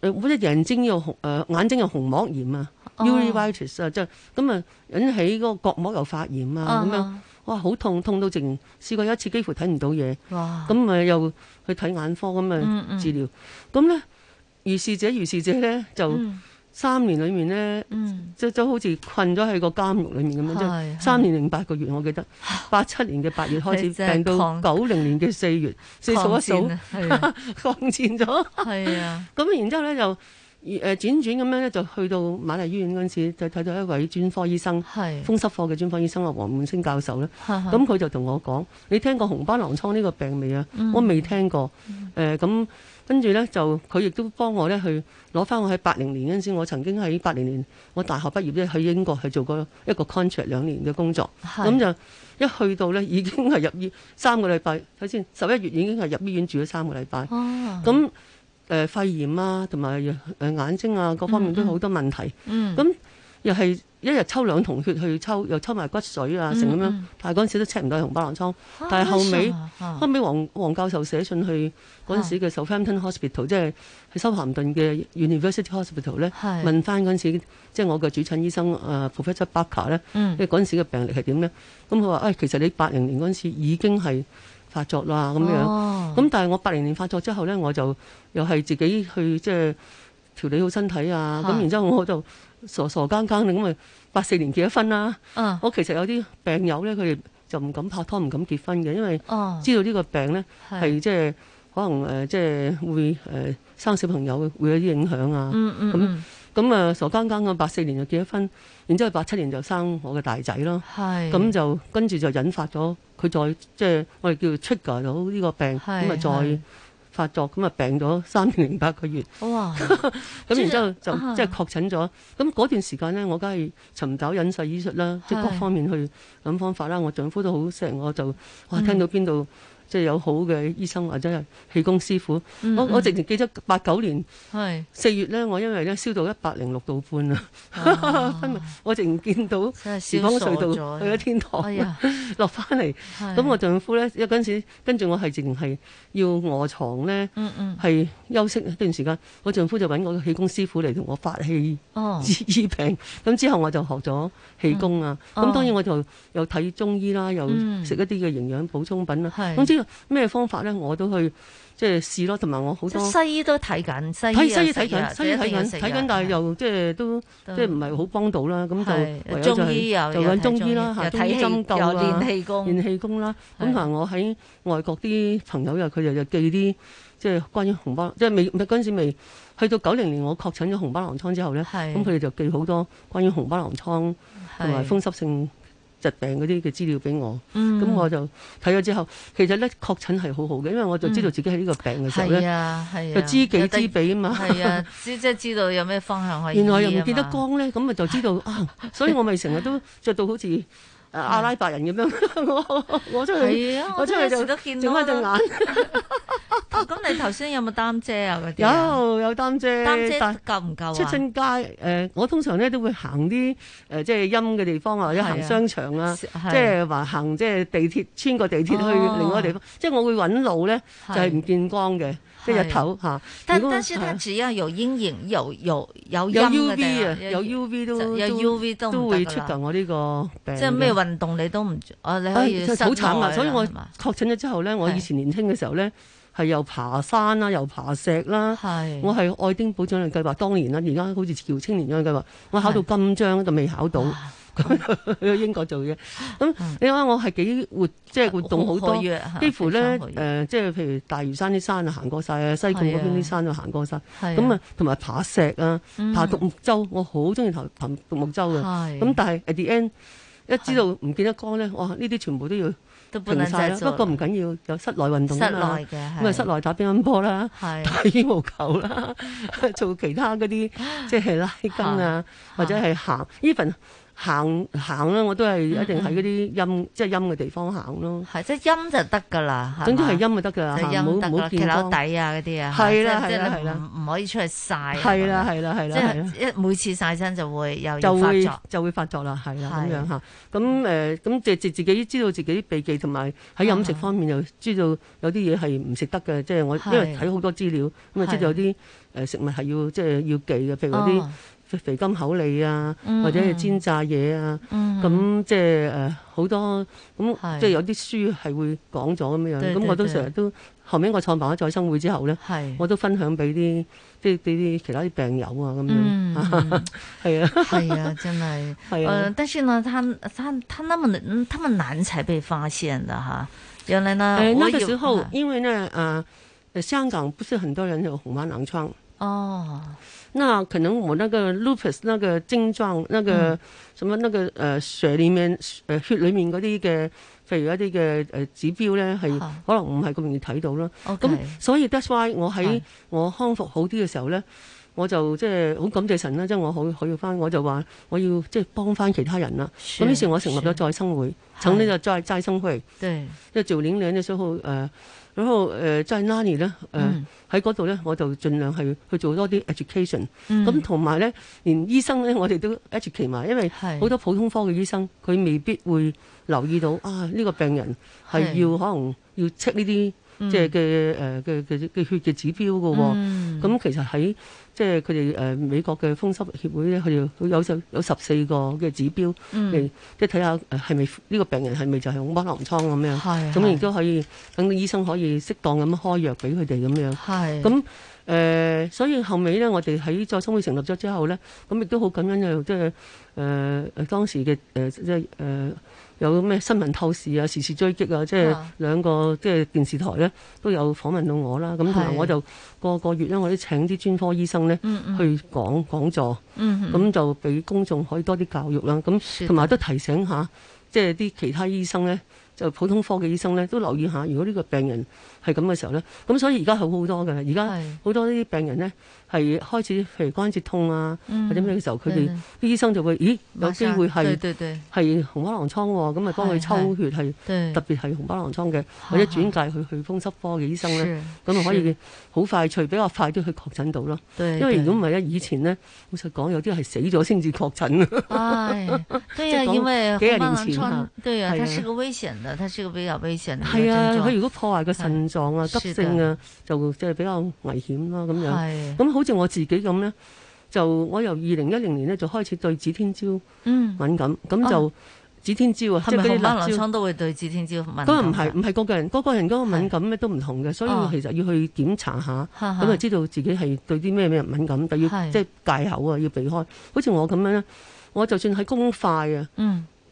誒，或者眼睛又紅，誒，眼睛又紅膜炎啊 uveitis 啊、oh.，即係咁啊，引起嗰個角膜又發炎啊，咁、oh. 樣，哇，好痛，痛到淨，試過一次幾乎睇唔到嘢，哇，咁啊又去睇眼科咁啊治療，咁咧、mm，如、hmm. 是者如是者咧就。Mm hmm. 三年裏面咧，即、嗯、係好似困咗喺個監獄裏面咁樣，即係三年零八個月，我記得八七年嘅八月開始病到九零年嘅四月，四縮咗線，抗戰咗，係啊。咁、 <laughs> 啊、 <laughs> 然之後咧就誒輾、呃、轉咁樣咧，就去到瑪麗醫院嗰陣時就睇到一位專科醫生，係風濕科嘅專科醫生啊，黃煥星教授咧。咁佢就同我講：，你聽過紅斑狼瘡呢個病未啊、嗯？我未聽過。誒、嗯，咁、呃。跟住呢，就佢亦都幫我呢去攞翻我喺八零年嗰陣時，我曾經喺八零年我大學畢業咧，去英國去做過一個 contract 兩年嘅工作，咁就一去到呢已經係入院三個禮拜。首先十一月已經係入醫院住咗三個禮拜，咁、哦、誒、呃、肺炎啊，同埋、呃、眼睛啊各方面都好多問題，咁、嗯嗯。又係一日抽兩桶血去抽，又抽埋骨髓水啊，成咁樣。嗯嗯、但係嗰陣時都 check 唔到紅斑狼瘡。啊、但係後尾、啊、後尾黃教授寫信去嗰陣時嘅 Southampton Hospital，即係喺修咸頓嘅 University Hospital 咧、啊，問翻嗰陣時即係我嘅主診醫生、啊、Professor Barker 咧，即、啊、嗰陣時嘅病歷係點樣？咁佢話誒，其實你八零年嗰陣時已經係發作啦，咁、啊、樣。咁但係我八零年發作之後咧，我就又係自己去即係、就是、調理好身體啊。咁、啊啊、然之後我就。傻傻更更咁啊！八四年結咗婚啦，啊、我其實有啲病友咧，佢哋就唔敢拍拖，唔敢結婚嘅，因為知道呢個病咧係即係可能誒、呃、即係會誒、呃、生小朋友會有啲影響啊。咁咁啊傻更更啊！八四年就結咗婚，然之後八七年就生我嘅大仔囉。咁是就跟住就引發咗佢再即係我哋叫 trigger 到呢個病咁啊再。發作咁啊，病咗三年零八個月。哇！咁 <laughs> 然之後就即係確診咗。咁嗰段時間咧，我梗係尋找隱世醫術啦，即係的各方面去諗方法啦。我丈夫都好錫我，就哇聽到邊度，即係有好嘅醫生或者係氣功師傅，嗯嗯我我直情記得八九年四月咧，我因為咧燒到一百零六度半啊， <laughs> 我直情見到時光嘅隧道去咗天堂，啊哎、落翻嚟。咁我丈夫咧一陣時跟住我係淨係要臥床咧，係、嗯嗯、休息一段時間，我丈夫就揾我個氣功師傅嚟同我發氣治、哦、 <laughs> 醫病。咁之後我就學咗氣功啊，咁、嗯哦、當然我就又睇中醫啦，又食一啲嘅營養補充品啦，嗯咩方法咧？我都去即係試咯，同埋我好多西醫都睇緊，西醫西醫睇緊，西醫睇緊，睇緊，但係又即係都即係唔係好幫到啦。咁就中醫又，就揾中醫啦，睇針灸、練氣功。練氣功啦。咁啊，我喺外國啲朋友又，佢哋又寄啲即係關於紅斑，即係未，咪嗰陣時未去到九零年，我確診咗紅斑狼瘡之後咧，咁佢哋就寄好多關於紅斑狼瘡同埋風濕性。疾病嗰啲嘅資料俾我，咁、嗯、我就睇咗之後，其實咧確診係好好嘅，因為我就知道自己喺呢個病嘅時候咧，嗯啊啊、就知己知彼啊嘛，係啊，即即係知道 <laughs> 有咩方向可以。原來又唔見得光咧，咁咪就知道 <laughs> 啊，所以我咪成日都着到好似。啊、的阿拉伯人咁樣，我我出去，我出去就整翻隻眼。 <laughs> <laughs> 哦，咁你頭先有冇擔遮啊？嗰啲有有擔遮，擔遮夠唔夠？出親街誒、呃，我通常咧都會行啲誒即係陰嘅地方啊，或者行商場啊，即係話行即係地鐵，穿過地鐵去另外一個地方。哦、即係我會揾路咧，就係、係、唔見光嘅。即日頭嚇，但但係佢只要有陰影，有有有有 U V 啊，有 U V 都，有 U V 都都會觸及我呢個病。即咩運動你都唔，哦你可以好慘、哎、啊！所以我確診咗之後咧，的我以前年輕嘅時候咧係又爬山啦，又爬石啦，係的我係愛丁堡獎勵計劃，當然啦，而家好似喬青年咁獎計劃，我考到金章都未考到。去英國做嘢，咁你話我係幾活，即係活動好多，幾乎咧誒，即係譬如大嶼山啲山啊，行過晒，啊，西貢嗰邊啲山都行過晒。咁啊，同埋爬石啊，爬獨木舟，我好中意爬爬獨木舟嘅，咁但係 at the end 一知道唔見得光咧，哇！呢啲全部都要停晒，不過唔緊要，有室內運動啊嘛，咁啊室內打乒乓波啦，打羽毛球啦，做其他嗰啲即係拉筋啊，或者係行 even。行行啦，我都係一定喺嗰啲陰，即係陰嘅地方行咯。係即係陰就得噶啦，總之係陰就得噶啦，冇冇見到底啊嗰啲啊。係啦係啦係啦，唔可以出去曬。係啦係啦係啦，即係一每次曬身就會又發作，就會發作啦，係啦咁樣吓。咁誒，咁藉自己知道自己避忌，同埋喺飲食方面就知道有啲嘢係唔食得嘅，即係我因為睇好多資料，咁啊即係有啲誒食物係要即係要忌嘅，譬如嗰啲。肥金口脷啊，或者係煎炸嘢啊，咁即係誒好多咁、嗯，即係有啲書係會講咗咁樣樣。咁我都成日都後面，我創辦咗再生會之後咧，我都分享俾啲啲啲其他啲病友啊咁樣。係、嗯嗯、啊，係啊，真 <laughs> 係、啊。誒、啊，但係呢，他他他那麼難，他那麼難才被發現的哈。原來呢，我、呃、有、那個、時候為、啊、因為呢啊，香港不是很多人有紅斑狼瘡哦。那、啊、可能我那個 lupus 那個症、嗯、狀，那個什麼那個誒、呃、血裡面誒血裡面嗰啲嘅譬如一啲嘅誒指標咧，係、啊、是可能唔係咁容易睇到咯。咁 okay, 所以 that's why 我喺、啊、我康復好啲嘅時候咧，我就即係好感謝神啦，即係我好可要翻，我就話我要即係幫翻其他人啦。咁於是，我成立咗再生會，請呢個再再生去。即係做年兩隻疏號誒。咁後誒即係 Nanny 咧，誒喺嗰度咧，我就盡量去做多啲 education、嗯。咁同埋咧，連醫生咧，我哋都 educate 埋，因為好多普通科嘅醫生佢未必會留意到啊，呢、呢個病人係要可能要 check 呢啲、嗯、即係嘅誒嘅嘅嘅血嘅指標㗎喎。咁、嗯、其實喺即係佢哋誒美國嘅風濕協會咧，佢有有十有十四個嘅指標嚟，嗯、即係睇下係咪呢個病人係咪就係紅斑狼瘡咁樣，咁亦都可以等醫生可以適當咁開藥俾佢哋咁樣。咁誒是、呃，所以後尾咧，我哋喺再生會成立咗之後咧，咁亦都好感恩嘅，即係誒、呃、當時嘅誒、呃、即係誒。呃有咩新聞透視啊，時事追擊啊，即係兩個即係電視台咧，都有訪問到我啦。咁同埋我就個個月咧，我哋請啲專科醫生咧、嗯嗯、去講講座，咁、嗯嗯、就俾公眾可以多啲教育啦。咁同埋都提醒下，即係啲其他醫生咧，就普通科嘅醫生咧，都留意下，如果呢個病人，係咁嘅時候咧，咁所以而家好好多嘅。而家好多呢啲病人咧，係開始譬如關節痛啊，或者咩嘅時候，佢哋啲醫生就會，咦，有機會係係紅斑狼瘡喎，咁咪幫佢抽血係特別係紅斑狼瘡嘅，或者轉介去去風濕科嘅醫生咧，咁啊可以好快脆比較快啲去確診到咯。因為如果唔係咧，以前咧，老實講，有啲係死咗先至確診。對啊， <laughs> 對啊，因為幾廿年前， <laughs> 對啊，佢係一個危險嘅，佢係一、啊、個比較危險嘅。係啊，佢如果破壞個腎啊，急性啊，就即係比較危險啦。咁樣，咁好似我自己咁咧，就我由二零一零年咧就開始對指天椒敏感，咁就指天椒即係嗰啲辣椒都會對指天椒敏感。咁又唔係，唔係個個人，個個人嗰個敏感咧都唔同嘅，所以其實要去檢查下，咁就知道自己係對啲咩咩敏感，但要即係戒口啊，要避開。好似我咁樣咧，我就算喺公筷啊，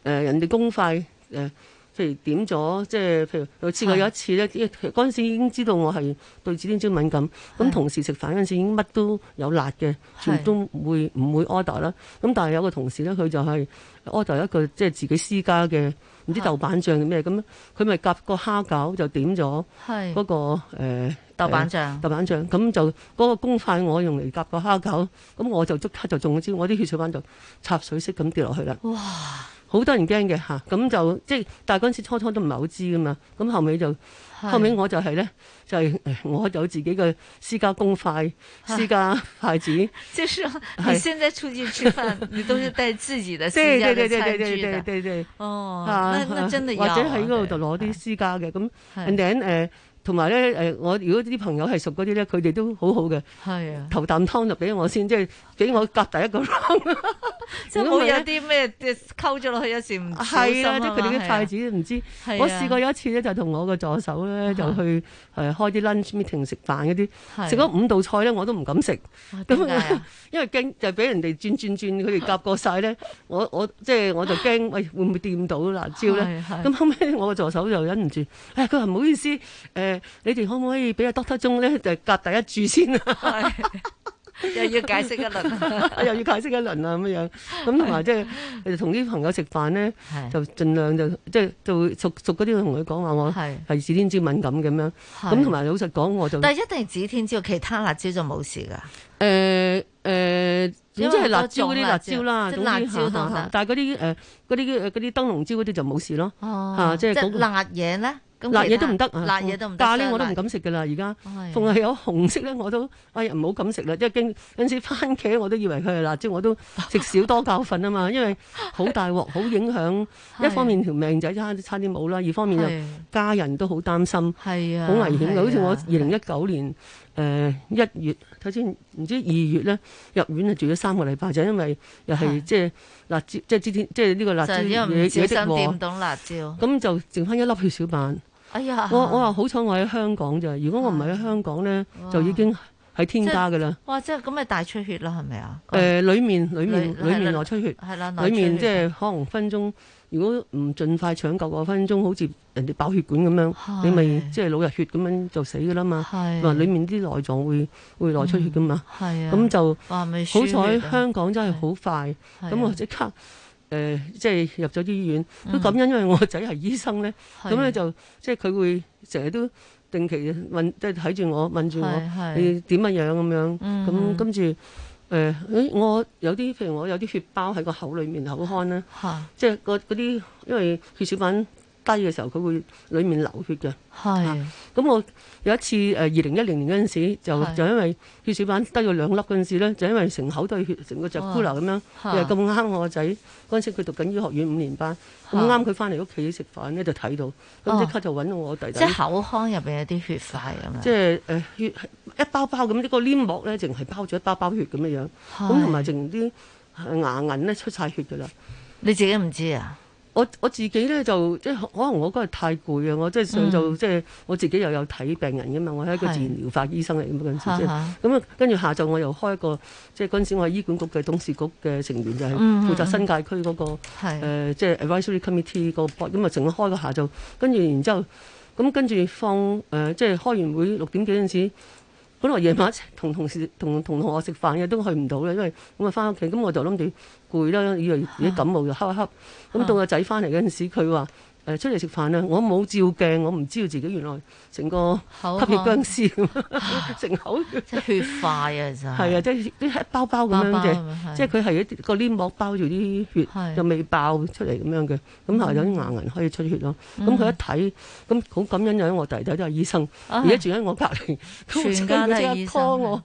誒人哋公筷誒。譬如點咗，即係譬如有試過我有一次咧，因為嗰陣時已經知道我係對紫癜菌敏感。咁是同事食飯嗰陣時已經乜都有辣嘅，是全都會唔會 order 啦。咁但係有個同事咧，佢就係 order 一個即係自己私家嘅，唔知豆瓣醬嘅咩咁，佢咪是夾個蝦餃就點咗，嗰個，嗰個誒豆瓣醬。是豆瓣醬咁，嗯嗯、就嗰個公筷我用嚟夾個蝦餃，咁我就即刻就中咗招，我啲血小板就插水式咁跌落去啦。哇！哇好多人驚嘅吓，咁就即係，但係嗰陣時初初都唔係好知㗎嘛，咁後尾就後尾我就係咧，就係、是、我有自己嘅私家公筷、私家筷子。就、啊、是，是你現在出去吃飯， <laughs> 你都是帶自己的私家的餐具的，對對對對對對對對對哦，啊、那那真的、啊、或者喺嗰度就攞啲私家嘅咁人哋 d 誒。同埋咧誒，我如果啲朋友係熟嗰啲咧，佢哋都好好嘅。係啊，頭啖湯就俾我先，即係俾我夾第一個。即係有啲咩嘅溝咗落去，有時唔係啦，即係佢哋啲筷子唔知。我試過有一次咧，就同我個助手咧就去誒開啲 lunch meeting 食飯嗰啲，食咗五道菜咧，我都唔敢食。咁。點解啊？因為驚就俾人哋轉轉轉，佢哋夾過晒咧。我我即係我就驚，喂會唔會掂到辣椒咧？咁後尾我個助手就忍唔住，佢話唔好意思誒。你哋可唔可以俾阿 doctor 中咧就夾第一柱先啊？ <laughs> 又要解釋一輪， <laughs> 又要解釋一輪啊！咁樣咁同埋即係同啲朋友食飯咧，就盡量就即係做熟熟嗰啲，同佢講話我係係紫天椒敏感咁樣。咁同埋老實講，我就但係一定係紫天椒，其他辣椒就冇事噶。誒、呃、誒、呃，總係、就是、辣椒嗰啲辣椒啦，辣椒但係嗰啲誒嗰啲啲燈籠椒嗰啲就冇事咯。哦，啊就是那個、即係辣嘢咧。辣嘢都唔得，辣嘢都唔得。咖喱我都唔敢食噶啦，而家逢係有紅色咧，我都哎呀唔好敢食啦，因為驚有陣時番茄我都以為佢係辣椒， <laughs> 我都食少多教訓啊嘛，因為好大鑊，好影響一方面條命仔差差啲冇啦，二方面就，家人都好擔心，好危險嘅，好似我二零一九年，誒、呃、一月，頭先唔知二月咧入院啊，住咗三個禮拜，就因為又係即係辣椒，即係之前即係呢個辣椒嘢嘢嘅喎。咁、就是、就剩翻一粒血小板。哎呀！我我話好彩我喺香港咋，如果我唔喺香港咧、啊，就已經喺天家嘅啦。哇！即係咁咪大出血啦，係咪啊？誒、呃，裡面裡面裡面內出血，係啦，裡面即係可能分鐘。如果唔盡快搶救個分鐘，好似人哋爆血管咁樣，你咪即係腦入血咁樣就死噶啦嘛。係，話裡面啲內臟會會內出血噶嘛。係啊，咁就好彩香港真係好快，咁我即刻誒即係入咗醫院。都感恩，因為我個仔係醫生咧，咁咧就即係佢會成日都定期問，即係睇住我問住我，你點呀樣咁樣？咁跟住。誒、哎，我有啲譬如我有啲血包喺個口裏面，口腔咧，即係嗰啲，因為血小板低嘅時候佢會裏面流血嘅，係咁我有一次誒，二零一零年嗰陣時，就就因為血小板低咗兩粒嗰陣時咧，就因為成口都係血，成個隻骷髏咁樣，又咁啱我個仔嗰陣時佢讀緊醫學院五年班，咁啱佢翻嚟屋企食飯咧，就睇到，咁即刻就搵到我弟弟。即口腔入邊有啲血塊咁啊！即係誒血一包包咁，呢個黏膜咧淨係包住一包包血咁嘅樣，咁同埋淨啲牙銀咧出晒血㗎啦！你自己唔知啊？我我自己咧就即係可能我嗰日太攰啊！嗯、我即係上晝即係我自己又有睇病人嘅嘛，我係一個自然療法醫生嚟嘅嗰陣時，即係咁啊。跟住下晝我又開一個，即係嗰陣時我係醫管局嘅董事局嘅成員就係、是、負責新界區嗰、那個誒，即係 advisory committee board,、嗯、個博，咁啊，成日開個下晝，跟住然之後咁跟住放誒，即、呃、係、就是、開完會六點幾嗰陣時。本來夜晚一齊同同事同同學食飯嘅都去唔到啦，因為咁啊翻屋企，咁我就諗住攰啦，以為自己感冒就瞌一瞌，咁到個仔翻嚟嗰陣時，佢話。誒出嚟食飯啦！我冇照鏡，我唔知道自己原來成個吸血僵屍咁，成慌 <laughs> 口血塊啊！就係啊，即係啲包包咁樣嘅，包包即係佢係一啲個黏膜包住啲血，又未的爆出嚟咁樣嘅。咁後有啲牙齦可以出血咯。咁佢、嗯、一睇，咁好感恩嘅我弟弟就係醫生，而、啊、家住喺 <laughs> 我隔離，佢即刻 call 我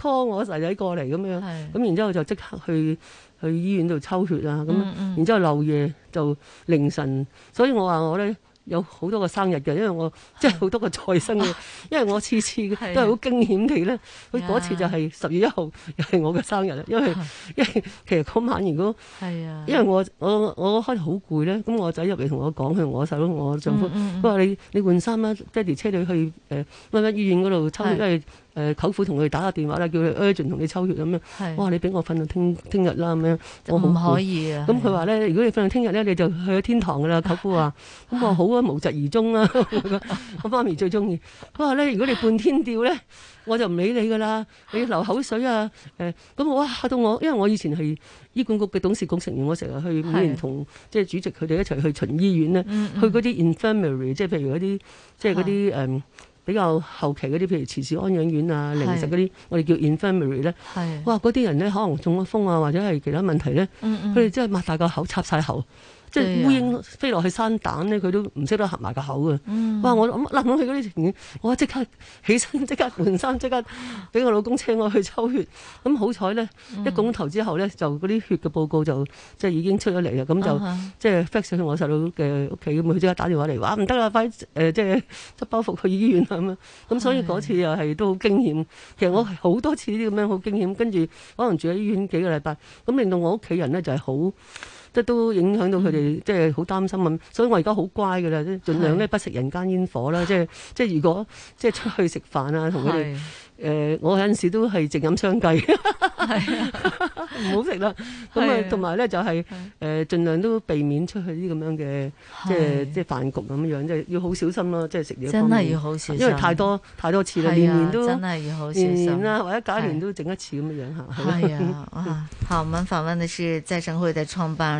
call 我弟弟過嚟咁樣。咁的的然之後就即刻去。去醫院度抽血啊，咁，嗯嗯，然之後漏夜就凌晨，所以我話我咧有好多個生日嘅，因為我即係好多個再生嘅，因為我次次都係好驚險地咧，佢嗰次就係十月一號又係我嘅生日啦，因為因為其實嗰晚如果、啊、因為我我我，我開始好攰咧，咁我仔入嚟同我講，佢我細佬我丈夫，佢話、嗯嗯、你你換衫啦，爹哋車你去誒，唔係唔醫院嗰度抽血，因為是。誒舅父同佢打下電話啦，叫佢 urgent 同你抽血咁樣。哇！你俾我瞓到聽聽日啦咁樣，唔可以啊！咁佢話咧，如果你瞓到聽日咧，你就去咗天堂噶啦。舅父話，咁 <laughs> 我好啊，無疾而終啦、啊。 <laughs> <laughs> <laughs> 我媽咪最中意。佢話咧，如果你半天吊咧，我就唔理你噶啦。你要流口水啊！誒，咁哇嚇到我，因為我以前係醫管局嘅董事局成員， <laughs> 我成日去每年同即係主席佢哋一齊去巡醫院咧，去嗰啲 infirmary， <laughs> 即係譬如嗰啲即係啲誒。是比較後期嗰啲，譬如慈氏安養院啊、零食嗰啲，我哋叫 infirmary 咧，哇，嗰啲人咧，可能中咗風啊，或者係其他問題咧，佢、嗯、哋、嗯、真係擘大個口插晒口。即係烏蠅飛落去生蛋咧，佢都唔識得合埋個口啊。哇！我諗嗱，佢嗰啲情景，我即刻起身，即刻換衫，即刻俾我老公車我去抽血。咁、嗯嗯、好彩咧，一個鐘頭之後咧，就嗰啲血嘅報告就即係已經出咗嚟啦。咁、嗯、就、uh huh. 即係飛上去我細佬嘅屋企咁，佢即刻打電話嚟話唔得啦，快誒、呃、即係執包袱去醫院啦咁樣。咁所以嗰次又係都好驚險。其實我好多次呢啲咁樣好驚險，跟住可能住喺醫院幾個禮拜，咁令到我屋企人咧就係、是、好。即都影響到佢哋、嗯，即係好擔心咁，所以我而家好乖嘅啦，盡量咧不食人間煙火啦，即係即係如果即係出去食飯啊，同佢哋誒，我有陣時候都係淨飲雙計，唔好食啦。咁啊，同埋咧就係、是、誒，儘、呃、量都避免出去啲咁樣嘅，即係即係飯局咁樣樣，即係要好小心咯、啊，即係食嘢真係要好小心，因為太多太多次啦，年、啊、年都真係要好小心啦、嗯，或者隔年都整一次咁嘅樣嚇。係啊，啊 <laughs> 好，我們訪問的是再生會的創辦。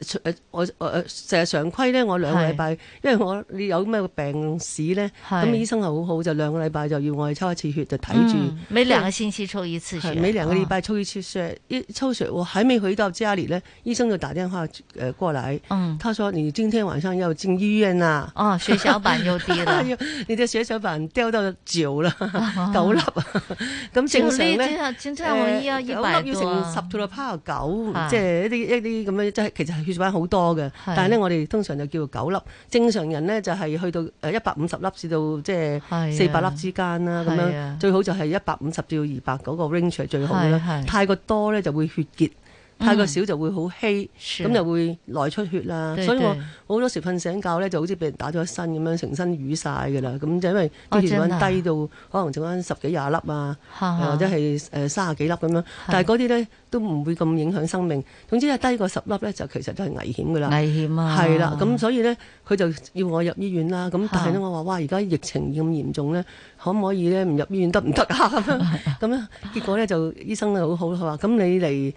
誒我誒誒成日常規咧，我兩個禮拜，因為我你有咩病史咧，咁醫生係好好，就兩個禮拜就要我去抽一次血就睇住、嗯。每兩個星期抽一次血，哦、每兩個禮拜抽一次血。哦、一抽血我還未回到家裏咧，醫生就打電話誒、呃、過嚟，嗯，佢話：你今天晚上要進醫院啦。哦，血小板又跌啦， <laughs> 你隻血小板掉到九啦，九粒、啊、啦！咁、啊、正常咧？啊、我依家一百多要成十到八、啊、九，即、就、係、是、一啲一啲咁樣，即係其實血小板好多嘅，但係咧，我哋通常就叫做九粒。正常人咧就係、是、去到誒一百五十粒至到即係四百粒之間啦，咁、啊、樣是、啊、最好就係一百五十至到二百嗰個 range 係最好啦。是是太過多咧就會血結、嗯，太過少就會好稀，咁就會內出血啦。所以我好多時瞓醒覺咧就好似俾人打咗一身咁樣，成身瘀晒㗎啦。咁就因為血小板低到可能剩翻十幾廿粒啊，是是或者係誒三十幾粒咁、啊、樣，但係嗰啲咧。都唔會咁影響生命，總之係低過十粒咧，就其實都係危險噶啦。危險啊！係啦，咁所以咧，佢就要我入醫院啦。咁但係咧，我話哇，而家疫情咁嚴重咧，可唔可以咧唔入醫院得唔得啊？咁樣咁樣，結果咧就醫生咧好好，佢話，咁你嚟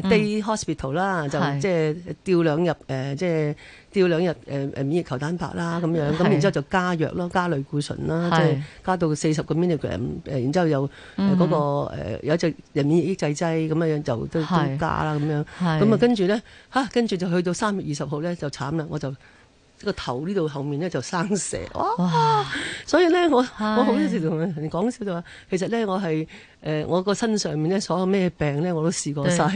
誒 day hospital 啦，就即係吊兩日誒、呃，即係。吊兩日誒誒、呃、免疫球蛋白啦，咁樣咁，然之後就加藥咯，加類固醇啦，即係、就是、加到四十、嗯那個、呃、毫克誒誒，然之後有嗰個有一隻人免疫抑制劑咁樣就都都加啦，咁樣咁啊，跟住咧嚇，跟住就去到三月二十號咧，就慘啦，我就。個頭呢度後面咧就生蛇。哇！哇，所以咧我我好多時同人講笑就話，其實咧我係誒、呃、我個身上面咧所有咩病咧我都試過晒。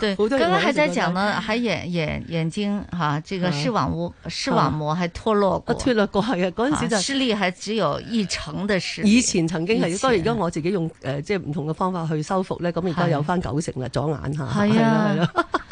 對，好多剛剛還在講呢還眼眼眼睛吓、啊，這個視網膜、嗯啊、視網膜還脱落過。脱、啊、落過去啊，嗰陣時就是啊、視力係只有一成嘅視力。以前曾經係，當然而家我自己用誒、呃、即係唔同嘅方法去修復咧，咁而家有翻九成啦，左眼吓。係啊，係咯、啊。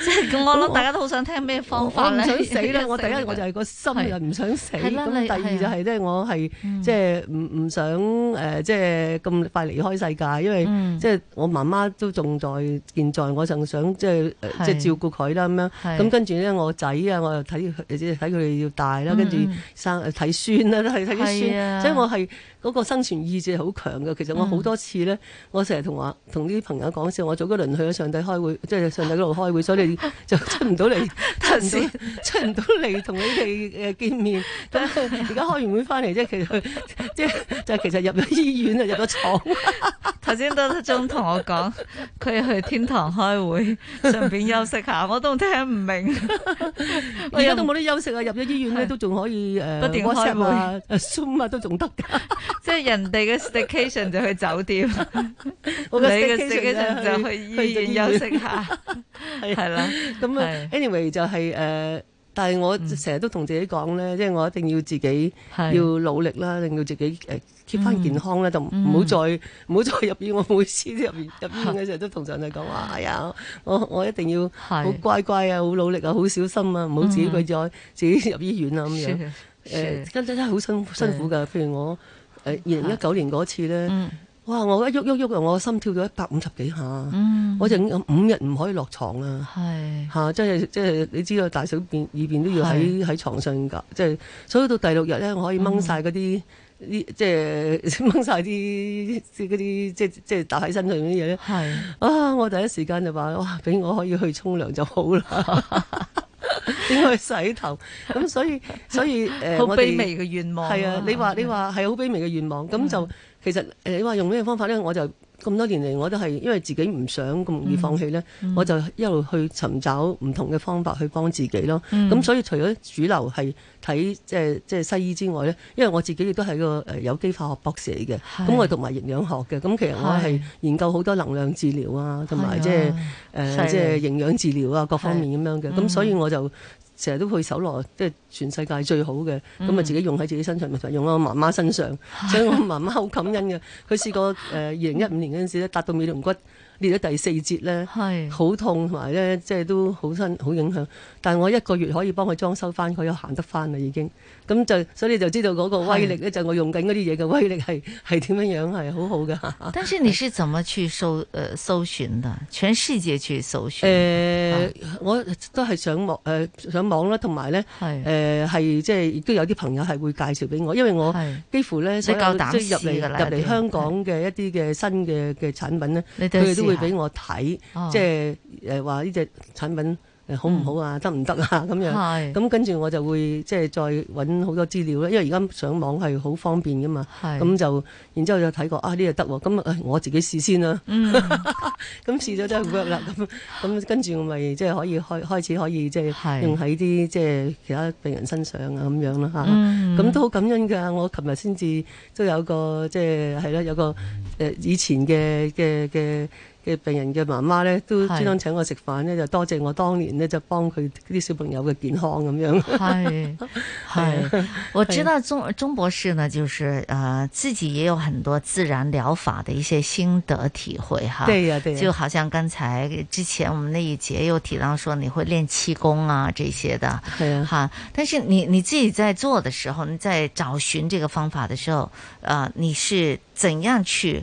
即係 <laughs> 我諗，大家都好想聽咩方法唔想死咧， <laughs> 我第一我就係個心就唔想死。咁的第二就係咧，我係即係唔唔想誒，即係咁快離開世界，因為即係我媽媽都仲在健在，我想就想即係即係照顧佢啦。咁樣咁跟住咧，我仔啊，我又睇睇佢哋要大啦，跟住生睇孫啦，都係睇啲孫。所以我係。嗰、那個生存意志好強嘅，其實我好多次咧，我成日同話同啲朋友講笑，我早嗰輪去咗上帝開會，即係上帝嗰度開會，所以就出唔到嚟，頭先出唔到嚟同你哋誒見面。而家開完會翻嚟啫，其去即係就係、其實入咗醫院啊，入咗廠。頭先都中同我講，佢 <laughs> 去天堂開會，順便休息下，我都聽唔明。而家都冇得休息、呃、啊，入咗醫院咧都仲可以誒 WhatsApp 啊 Zoom 啊都仲得㗎。 <laughs> 即係人哋嘅 staycation 就去酒店，我嘅 staycation <laughs> 就去醫院休息下，係啦。咁 <laughs> 啊，anyway 就係、是、誒、呃，但係我成日都同自己講咧，即、嗯、係、就是、我一定要自己要努力啦，令到自己誒 keep 翻健康啦、嗯，就唔好再唔好再入院。嗯、我每次都入院入院嘅時候都同人哋講話，哎呀，我我一定要好乖乖啊，好努力啊，好小心啊，唔好自己咗自己入醫院啊咁樣。誒，跟、呃、真真係好辛辛苦噶，譬如我。誒二零一九年嗰次咧，嗯、哇！我一喐喐喐，我心跳到一百五十幾下，我整五日唔可以落床啦。係嚇是、啊，即係即係，你知道大小便二便都要喺喺是床上㗎。即係所以到第六日咧，我可以掹晒嗰啲，即係掹晒啲即嗰啲即即打喺身上嘅嘢咧。係是啊，我第一時間就話：哇！俾我可以去沖涼就好啦。 <laughs> 點 <laughs> 去洗頭？咁所以所以誒，好、 <laughs> 呃、卑微嘅願望係啊，啊！你話你話係好卑微嘅願望，咁就是、啊、其實誒，你話用咩方法咧？我就。咁多年嚟，我都係因為自己唔想咁容易放棄咧、嗯嗯，我就一路去尋找唔同嘅方法去幫自己咯。咁、嗯、所以除咗主流係睇即係即係西醫之外咧，因為我自己亦都係一個有機化學博士嚟嘅，咁我讀埋營養學嘅。咁其實我係研究好多能量治療啊，同埋即係誒即係營養治療啊各方面咁樣嘅。咁所以我就。嗯成日都去搜羅，即係全世界最好嘅，咁啊、嗯、自己用喺自己身上咪就用咯。我媽媽身上， <laughs> 所以我媽媽好感恩嘅。佢試過誒二零一五年嗰陣時咧，達到尾龍骨裂咗第四節咧，好 <laughs> 痛同埋咧，即係都好身好影響。但係我一個月可以幫佢裝修翻，佢又行得翻啦已經。咁就所以就知道嗰個威力咧，就是、我用緊嗰啲嘢嘅威力係係點樣樣，係好好㗎。但是你是怎麼去搜誒搜尋的？全世界去搜尋？誒、呃啊，我都係上網誒、呃、上網啦，同埋咧，係誒係即係亦都有啲朋友係會介紹俾我，因為我幾乎咧即係即係入嚟入嚟香港嘅一啲嘅新嘅嘅產品咧，佢哋都會俾我睇，即係誒話呢隻產品。是他們都會給我看。好唔、嗯、好啊？得唔得啊？咁樣，咁、嗯嗯、跟住我就會即係、就是、再揾好多資料啦。因為而家上網係好方便噶嘛，咁就然之後就睇過啊呢個得喎，咁誒、啊啊、我自己試先啦。咁試咗真係 work 啦。咁咁跟住我咪即係可以開開始可以即係用喺啲即係其他病人身上啊咁樣啦，嚇、啊。咁都好感恩㗎。我琴日先至都有個即係係啦，有個誒以前嘅嘅嘅。嘅病人嘅媽媽咧，都專登請我食飯呢就多謝我當年呢，就幫佢啲小朋友嘅健康咁樣。係係我知道鍾鍾博士呢，就是、呃、自己也有很多自然療法的一些心得體會哈。對呀、對呀、就好像剛才之前我們那一節又提到說，你會練氣功啊這些的，係啊，哈。但是你你自己在做的時候，你在找尋這個方法的時候，啊、呃，你是怎樣去？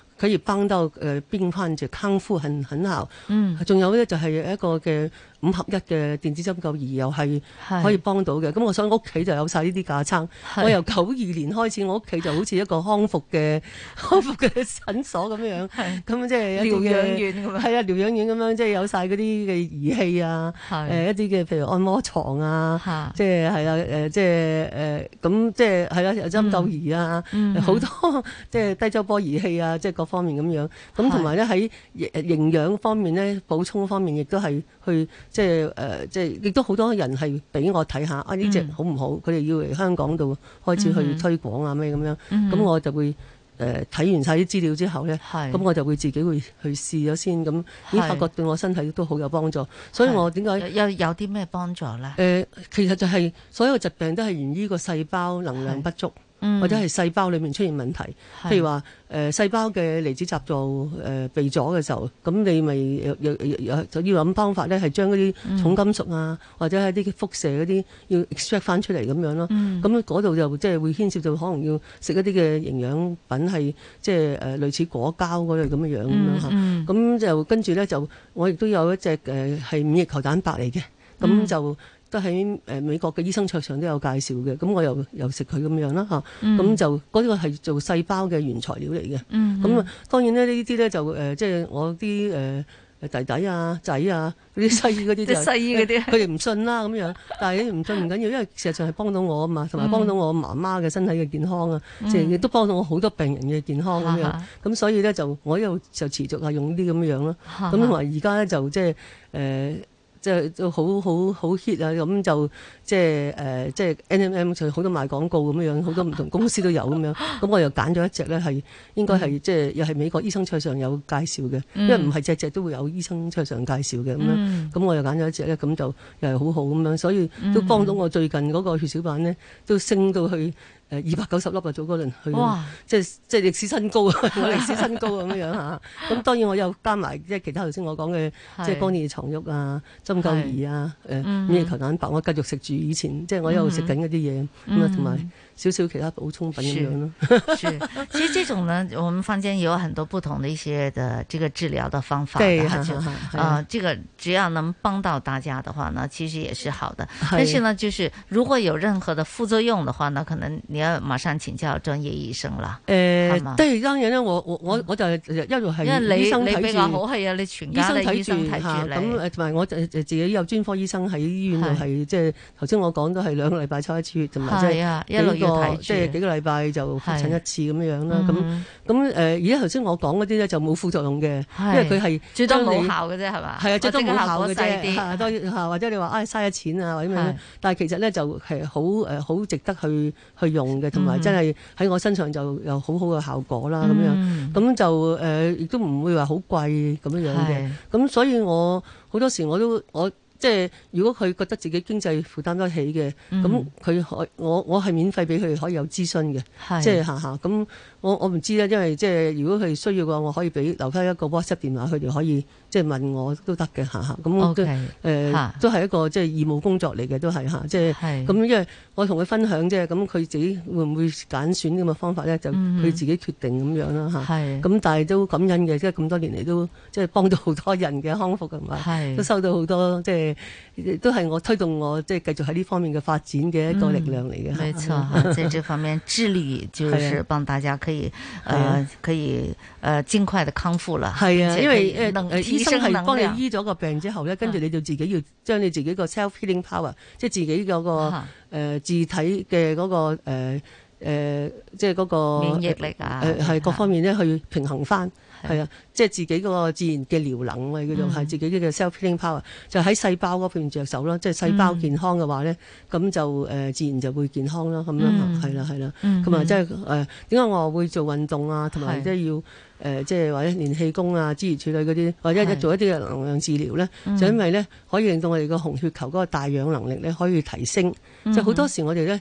可以幫到誒病患者康復很很好，嗯，仲有咧就係一個嘅，五合一嘅電子針灸儀又係可以幫到嘅，咁是我想屋企就有晒呢啲架撐。是我由九二年開始，我屋企就好似一個康復嘅 <laughs> 康復嘅診所咁樣，咁即係療養院，係啊療養院咁樣，院樣，即係有晒嗰啲嘅儀器啊，誒是、呃、一啲嘅譬如按摩床啊，是即係係啊誒即係誒咁即係係啦，針灸儀啊，好、嗯、多即係低周波儀器啊，即係各方面咁樣。咁同埋咧喺營養方面咧，補充方面亦都係去。即係誒、呃，即係亦都好多人係俾我睇下啊！呢、嗯、隻好唔好？佢哋要嚟香港度開始去推廣啊咩咁樣。咁、嗯嗯、我就會誒睇、呃、完晒啲資料之後咧，咁我就會自己會去試咗先。咁已經發覺對我身體都好有幫助。所以我點解有有啲咩幫助咧？誒、呃，其實就係所有疾病都係源於個細胞能量不足。或者係細胞裏面出現問題，嗯、譬如話誒、呃、細胞嘅離子雜造誒被咗嘅時候，咁你咪有有有就要諗方法咧，係將嗰啲重金屬啊，或者係啲輻射嗰啲要 extract 翻出嚟咁樣咯。咁嗰度就即係、就是、會牽涉到可能要食一啲嘅營養品，係即係誒類似果膠嗰類咁樣樣咁咁、嗯嗯、就跟住咧就我亦都有一隻誒係、呃、免疫球蛋白嚟嘅，咁、嗯、就。都喺誒美國嘅醫生桌上都有介紹嘅，咁我又又食佢咁樣啦嚇，咁、啊、就嗰啲我係做細胞嘅原材料嚟嘅，咁啊、嗯、哼當然咧呢啲咧就誒、呃、即係我啲誒、呃、弟弟啊仔啊嗰啲細嗰啲就細嗰啲佢哋唔信啦咁樣，但係唔信唔緊要，因為事實上係幫到我啊嘛，同埋幫到我媽媽嘅身體嘅健康啊，即係亦、嗯、哼都幫到我好多病人嘅健康咁、嗯、哼樣，咁所以咧就我又就持續用啊用呢啲咁樣咯，咁同埋而家咧就即係誒。呃呃即係都好好好 hit 啊！咁就即係誒，即係 NMM，就好、呃 MM，多賣廣告咁樣，好多唔同公司都有咁樣。咁 <laughs> 我又揀咗一隻咧，係應該係、嗯、即係又係美國醫生桌上有介紹嘅，因為唔係隻隻都會有醫生桌上介紹嘅咁樣。咁、嗯、我又揀咗一隻咧，咁就又係好好咁樣，所以都幫到我最近嗰個血小板咧，都升到去。誒二百九十粒啊，早嗰輪去哇即，即係即係歷史新高啊， <laughs> 歷史新高咁樣嚇。咁 <laughs> 當然我又加埋即係其他頭先我講嘅， <laughs> 即係光熱藏鬱啊、針灸儀啊、誒咩球蛋白，我繼續食住以前，即係我又食緊嗰啲嘢咁啊，同埋，少少其他補充品咁樣咯， <laughs> 是，其實這種呢，我們坊間有很多不同的一些的這個治療的方法啦，就啊、呃，這個只要能幫到大家的話呢，呢其實也是好的是。但是呢，就是如果有任何的副作用的話呢，呢可能你要馬上請教專業醫生啦。誒、呃，當然呢，我我我我就是一路係醫生睇住，好係啊，你全家醫生睇住你咁同埋我就自己有專科醫生喺醫院度係，即係頭先我講咗係兩個禮拜抽一次血，同埋即係。就是啊一路即係幾個禮拜就復診一次咁樣樣啦，咁咁誒，而家頭先我講嗰啲咧就冇副作用嘅，因為佢係最多冇效嘅啫，係嘛？係啊，最多冇效嘅啫。吓，或者你話啊，嘥咗錢啊，或者咩？但係其實咧就係好誒，好、呃、值得去去用嘅，同、嗯、埋真係喺我身上就有好好嘅效果啦，咁、嗯、樣咁就誒亦都唔會話好貴咁樣樣嘅。咁所以我好多時我都我。即係如果佢覺得自己經濟負擔得起嘅，咁佢可我我係免費俾佢可以有諮詢嘅，係，即係下下咁。我我唔知啦，因為即係如果佢需要嘅話，我可以俾留返一個 WhatsApp 電話，佢哋可以即係問我都得嘅嚇咁都都係一個即係義務工作嚟嘅，都係嚇、啊。即係咁、hey. 嗯，因為我同佢分享啫，咁、啊、佢自己會唔會揀選咁嘅方法咧？就佢自己決定咁、mm-hmm. 樣啦嚇。咁、啊 hey. 但係都感恩嘅，即係咁多年嚟都即係幫到好多人嘅康復咁嘛，啊 hey. 都收到好多即係都係我推動我即係繼續喺呢方面嘅發展嘅一個力量嚟嘅。冇、mm-hmm. 錯、啊，喺呢 <laughs> 方面致力，就是幫大家可以可以，誒、啊呃，可以，誒、呃，盡快嘅康復啦。係啊，因為誒，醫生係幫你醫咗個病之後咧，跟住、啊、你就自己要將你自己個 self healing power，、啊、即係自己嗰、那個誒、啊呃、自體嘅嗰、那個誒誒、呃呃，即係、那、嗰個免疫力啊，誒、呃，係各方面咧、啊、去平衡翻。係啊，即係自己個自然嘅療能啊，叫做自己嘅 self healing power，就喺、是、細胞嗰邊着手咯。即係細胞健康嘅話咧，咁、嗯、就、呃、自然就會健康啦。咁樣係啦係啦，咁、嗯、啊即係誒點解我會做運動啊？同埋即係要誒即係話咧練氣功啊、諸如此類嗰啲，或者一做一啲嘅能量治療咧，就因為咧可以令到我哋個紅血球嗰個帶氧能力咧可以提升。即係好多時我哋咧誒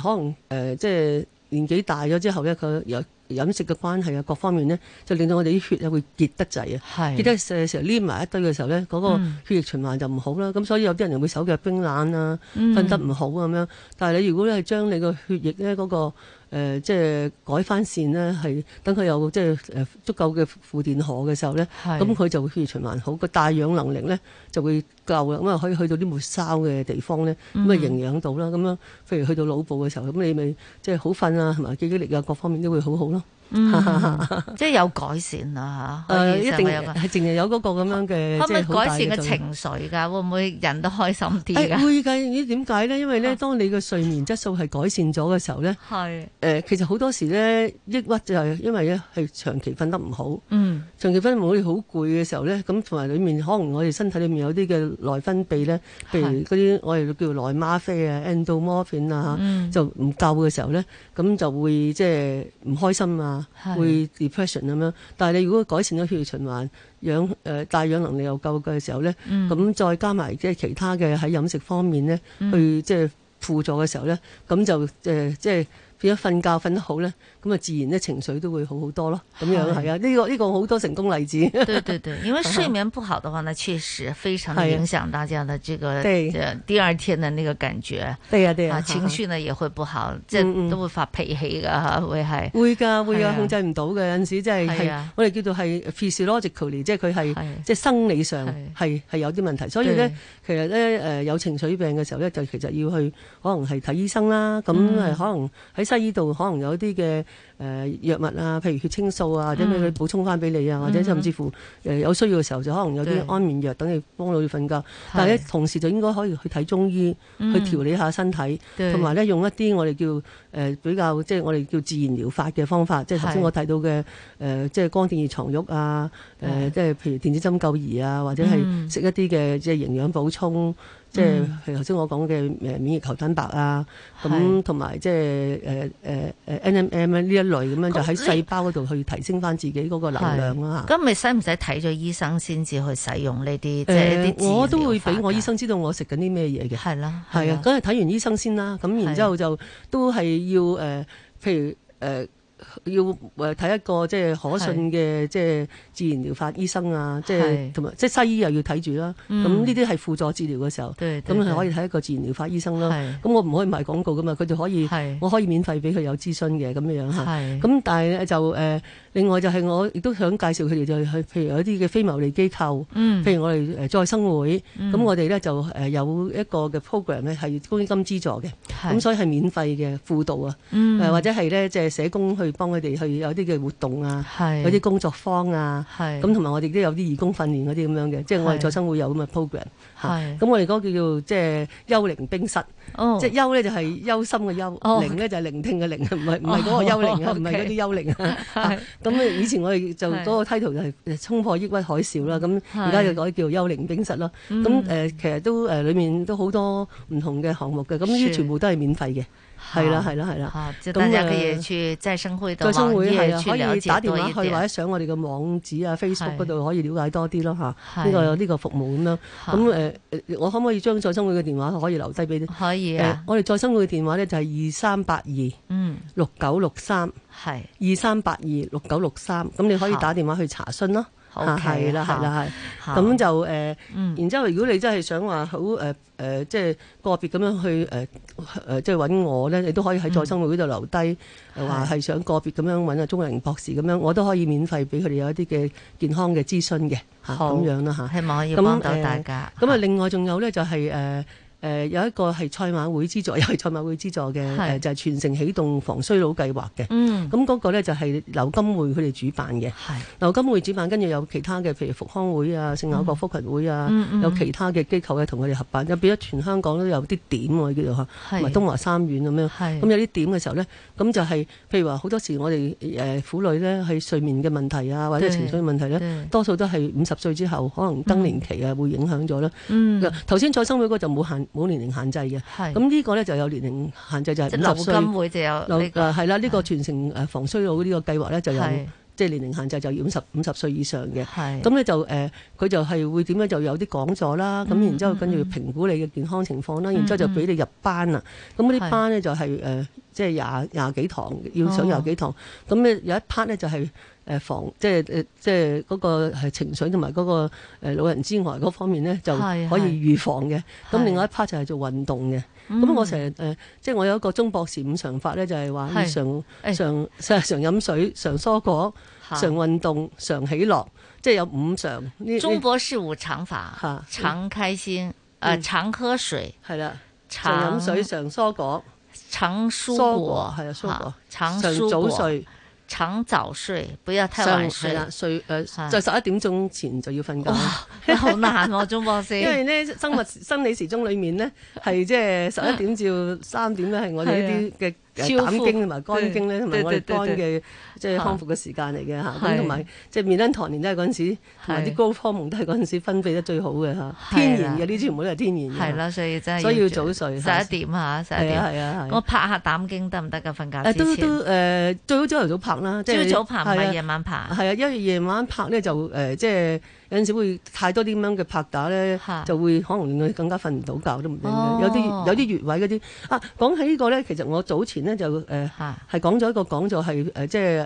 可能誒、呃、即係。年紀大咗之後咧，佢有飲食嘅關係啊，各方面咧，就令到我哋啲血啊會結得滯啊，結得成日成日黏埋一堆嘅時候咧，嗰、那個血液循環就唔好啦。咁、嗯、所以有啲人又會手腳冰冷啊，瞓得唔好咁、嗯、樣。但係你如果係將你個血液咧、那、嗰個誒、呃、即係改翻線咧，係等佢有即係誒、呃、足夠嘅負電荷嘅時候咧，咁佢是就會血液循環好，個帶氧能力咧就會夠啦，咁啊可以去到啲末梢嘅地方咧，咁啊營養到啦，咁樣譬如去到腦部嘅時候，咁你咪即係好瞓啊，同埋記憶力啊各方面都會好好咯、啊。嗯、 <laughs> 即係有改善啦、啊、吓，誒、呃，一定係淨係有嗰個咁樣嘅，可唔可以改善嘅情緒噶、啊？會唔會人都開心啲噶、啊哎？會噶，點解咧？因為咧，啊、當你嘅睡眠質素係改善咗嘅時候咧，係誒是、呃，其實好多時咧，抑鬱就係因為咧係長期瞓得唔好，嗯，長期瞓唔好，好攰嘅時候咧，咁同埋裏面可能我哋身體裏面有啲嘅內分泌咧，譬如嗰啲我哋叫內嗎啡啊、endorphin 啊的，嗯、就唔夠嘅時候咧，咁就會即係唔開心啊。會 depression 咁樣，但係你如果改善咗血液循環、氧誒帶氧能力又夠嘅時候咧，咁、嗯、再加埋即係其他嘅喺飲食方面咧，去即係輔助嘅時候咧，咁、嗯、就誒即係。呃就是變咗瞓覺瞓得好咧，咁啊自然咧情緒都會好好多咯，咁樣係啊呢個呢、這個好多成功例子。對對對， <laughs> 因為睡眠不好的話，呢確實非常影響大家的這個的第二天的那個感覺。對啊對啊，情緒呢也會不好，即都會發脾氣噶。會係會噶會噶，控制唔到嘅，有陣時真係、就是，我哋叫做係 physiologically，即係佢係即係生理上係係有啲問題。所以咧，其實咧誒有情緒病嘅時候咧，就其實要去可能係睇醫生啦，咁、嗯、係可能喺。西醫度可能有啲嘅誒藥物啊，譬如血清素啊，或者咩去補充翻俾你啊、嗯，或者甚至乎誒、嗯呃、有需要嘅時候就可能有啲安眠藥等幫助你幫你瞓覺。但係咧同時就應該可以去睇中醫、嗯、去調理一下身體，同埋咧用一啲我哋叫誒、呃、比較即係我哋叫自然療法嘅方法，即係頭先我提到嘅誒，即係、呃、光電熱牀褥啊，誒、呃、即係譬如電子針灸儀啊，或者係食一啲嘅、嗯、即係營養補充。嗯、即係頭先我講嘅誒免疫球蛋白啊，咁同埋即係誒誒誒 N M N 呢一類咁樣那就喺細胞嗰度去提升翻自己嗰個能量啦、啊、嚇。咁咪使唔使睇咗醫生先至去使用呢啲？即誒、呃，我都會俾我醫生知道我食緊啲咩嘢嘅。係啦，係啊，梗係睇完醫生先啦。咁然之後就都係要誒、呃，譬如誒。呃要誒睇一個即係可信嘅即係自然療法醫生啊，即係同埋即係西醫又要睇住啦。咁呢啲係輔助治療嘅時候，咁係可以睇一個自然療法醫生咯、啊。咁我唔可以賣廣告噶嘛，佢哋可以，我可以免費俾佢有諮詢嘅咁樣樣咁，但係就誒、呃，另外就係我亦都想介紹佢哋就係、是、譬如有一啲嘅非牟利機構，嗯、譬如我哋再生會，咁、嗯、我哋咧就誒有一個嘅 program 咧係公益金資助嘅，咁所以係免費嘅輔導啊，嗯、或者係咧即係社工去。去幫佢哋去有啲嘅活動啊，有啲工作坊啊，咁同埋我哋都有啲義工訓練嗰啲咁樣嘅，即係我哋再生會有咁嘅 program，咁、啊、我哋嗰個叫做即係、就是、幽靈冰室，oh. 即係幽咧、oh. 就係憂心嘅憂，靈咧就係聆聽嘅靈，唔係唔係嗰個幽靈、oh. okay. oh. okay. 啊，唔係嗰啲幽靈啊，咁以前我哋就嗰個 title 就係衝破抑鬱海嘯啦，咁而家就改叫做幽靈冰室咯，咁、嗯、誒、呃、其實都誒、呃、裏面都好多唔同嘅項目嘅，咁呢啲全部都係免費嘅。係啦，係啦，係啦，咁大家可以去再生會度，再生會係啊，可以打電話去或者上我哋嘅網址啊、Facebook 嗰度可以了解多啲咯，吓，呢、這個呢個服務咁樣，咁誒、呃，我可唔可以將再生會嘅電話可以留低俾你？可以啊，呃、我哋再生會嘅電話咧就係二三八二，嗯，六九六三，係二三八二六九六三，咁你可以打電話去查詢咯。啊、okay，係、so, 啦，係、so, 啦，係。咁就誒，然之後，如果你真係想話好誒即係個別咁樣去誒即係揾我咧，你都可以喺再生會嗰度留低，話、um, 係想個別咁樣揾阿鍾惠玲博士咁樣，so. 我都可以免費俾佢哋有一啲嘅健康嘅諮詢嘅，咁樣啦吓，希望可以幫到大家。咁啊、呃，另外仲有咧、就是，就係誒。誒、呃、有一個係賽馬會資助，又係賽馬會資助嘅、呃、就係、是、全城起動防衰老計劃嘅。咁、嗯、嗰、那個咧就係、是、流金會佢哋主辦嘅。係流金會主辦，跟住有其他嘅，譬如復康會啊、聖雅各福群會啊、嗯，有其他嘅機構嘅同佢哋合辦。又變咗全香港都有啲點叫做嚇，同東華三院咁樣。咁有啲點嘅時候呢，咁就係、是、譬如話好多時候我哋誒、呃、婦女咧，係睡眠嘅問題啊，或者情緒嘅問題呢，多數都係五十歲之後可能更年期啊、嗯、會影響咗啦。嗯，頭先賽馬會嗰個就冇限。冇年齡限制嘅，咁、這個、呢個咧就有年齡限制，就係五十歲。金會就有、這個，係、啊、啦，呢、這個全城誒防衰老呢個計劃咧就有，即係、就是、年齡限制就要五十五十歲以上嘅。咁咧、嗯、就誒，佢、呃、就係會點樣就有啲講座啦，咁、嗯嗯、然之後跟住評估你嘅健康情況啦、嗯，然之後就俾你入班啦。咁、嗯、啲班咧就係、是、誒，即係廿廿幾堂要上廿幾堂，咁咧、哦、有一 part 咧就係、是。誒、呃、防即係誒即係嗰、那個情緒同埋嗰個老人之外嗰方面咧，就可以預防嘅。咁另外一 part 就係做運動嘅。咁、嗯、我成日誒，即係我有一個中博士五常法咧，就係話常常常飲水、常蔬果、常運動、常喜樂，即係有五常。中博士五常法、嗯，常開心，誒、嗯、常喝水，係啦，常飲水、常蔬果、常蔬果係啊，蔬果，常蔬果、常早睡。常早睡，不要太晚睡啦。睡，誒、呃，在十一點鐘前就要瞓覺。哇， <laughs> 好難喎、啊，鍾博士。 <laughs> 因為咧，生物生理時鐘裏面咧，係即係十一點至三點咧，係 <laughs> 我哋呢啲嘅膽經同埋肝經咧，同 <laughs> 埋我哋肝嘅。即係康復嘅時間嚟嘅嚇，咁同埋即係面臨糖尿病嗰陣時，同埋啲高荷蒙低嗰陣時分泌得最好嘅嚇，天然嘅呢啲全部都係天然嘅。係啦，所以真係所以要早睡，十一點嚇、啊，十一點、啊。係啊，我拍一下膽經得唔得㗎？瞓覺，誒、啊、都都誒、呃，最好朝頭早拍啦，朝早拍，唔係夜晚拍。係啊，因為夜晚拍咧就誒、呃，即係有陣時會太多啲咁樣嘅拍打咧，就會可能令到更加瞓唔到覺都唔定。有啲有啲穴位嗰啲啊，講起個呢個咧，其實我早前咧就誒係講咗一個講座係誒，即、呃、係。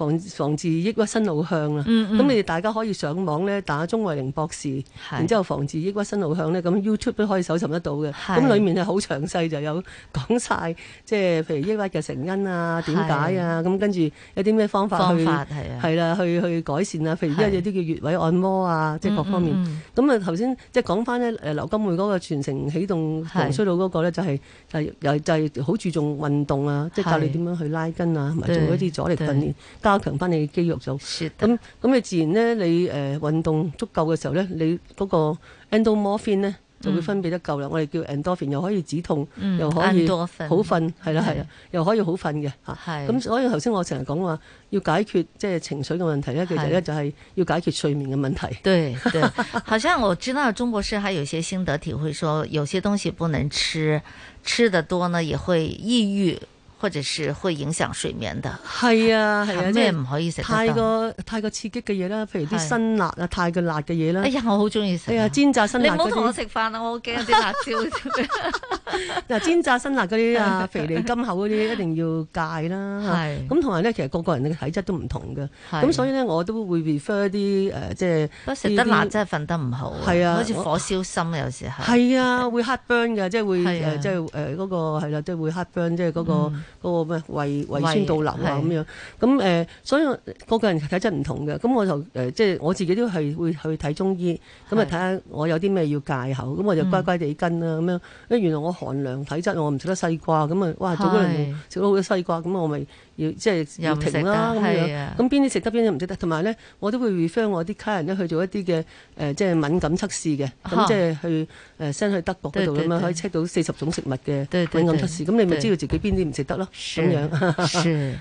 防止防治抑鬱新路向啦，咁、嗯嗯、你哋大家可以上網咧打鍾惠玲博士，然之後防治抑鬱新路向咧，咁 YouTube 都可以搜尋得到嘅，咁裡面係好詳細，就有講晒，即、就、係、是、譬如抑鬱嘅成因啊、點解啊，咁跟住有啲咩方法去係啦、啊啊，去去改善啊，譬如一啲叫穴位按摩啊，即係各方面。咁啊頭先即係講翻咧誒，就是、劉金妹嗰個全程起動防衰老嗰個咧，就係、是、又就係、是、好注重運動啊，即係、就是、教你點樣去拉筋啊，同埋做一啲阻力訓練。加強翻你肌肉就咁咁，的你自然咧，你誒運、呃、動足夠嘅時候咧，你嗰個 endorphin 咧、嗯、就會分泌得夠啦。我哋叫 endorphin，又可以止痛，又可以好瞓，係啦係啦，又可以好瞓嘅吓。咁、嗯、所以頭先我成日講話，要解決即係、就是、情緒嘅問題咧，其實咧就係、是、要解決睡眠嘅問題。對對， <laughs> 好像我知道鍾博士，還有些心得體會說，說有些東西不能吃，吃得多呢也會抑鬱。或者是會影響睡眠嘅。係啊，係啊，即係唔可以食太多，太過太過刺激嘅嘢啦，譬如啲辛辣啊，太過辣嘅嘢啦。哎呀，我好中意食。哎呀，煎炸辛辣嗰啲。你唔好叫我食飯啦、啊，我好驚啲辣椒。嗱，煎炸辛辣嗰啲 <laughs> 啊，肥膩金口嗰啲一定要戒啦。咁同埋咧，其實個個人嘅體質都唔同嘅。咁所以咧，我都會 refer 一啲誒、呃，即係。食得辣真係瞓得唔好。係啊。好似火燒心啊，有時係。係啊，會 heartburn 嘅，即係會即係誒嗰個係啦，即係會 heartburn，即係嗰個。嗰、那個咩胃胃酸倒流啊咁樣，咁誒、呃，所以個個人體質唔同嘅，咁我就誒、呃，即係我自己都係會去睇中醫，咁啊睇下我有啲咩要戒口，咁我就乖乖地跟啦、啊。咁、嗯、樣，因為原來我寒涼體質，我唔食得西瓜，咁啊，哇，早嗰兩年食咗好多西瓜，咁我咪。即係要停啦咁樣，咁邊啲食得，邊啲唔食得。同埋咧，我都會 refer 我啲客人咧去做一啲嘅誒，即係敏感測試嘅。咁即係去誒 send 去德國嗰度咁樣，可以 check 到四十種食物嘅敏感測試。咁你咪知道自己邊啲唔食得咯？咁樣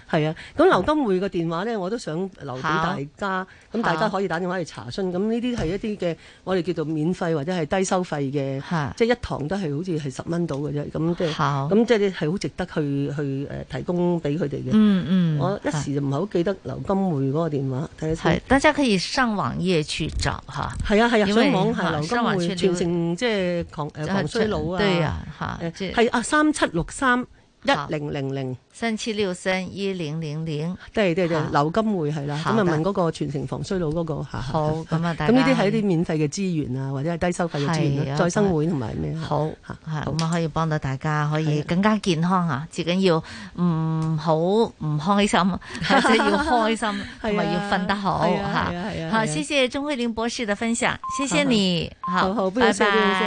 係啊。咁流 <laughs> 金會個電話咧，我都想留俾大家。咁大家可以打電話嚟查詢。咁呢啲係一啲嘅，我哋叫做免費或者係低收費嘅，即係、就是、一堂都係好似係十蚊到嘅啫。咁即係咁即係好、就是、值得去去誒提供俾佢哋嘅。嗯。嗯嗯，我一時就唔係好記得劉金梅嗰個電話，睇一睇。係，大家可以上網頁去找吓。係啊係啊，上網係劉金梅變成即係、就是、狂誒衰佬啊對啊吓，係、欸、啊三七六三。一零零零三七六三一零零零，000, 000，對對對，劉金會係啦，咁啊問嗰個全程防衰老嗰、那個吓。好，咁、嗯、啊，咁呢啲係啲免費嘅資源啊，或者係低收費嘅資源、啊啊，再生會同埋咩？好，咁啊、嗯、啊，可以幫到大家，可以更加健康啊！最緊、啊、要唔好唔開心，或 <laughs> 者要開心，同 <laughs> 埋要瞓得好吓。好、啊，謝謝鍾惠玲博士嘅分享，謝謝你。好，拜拜。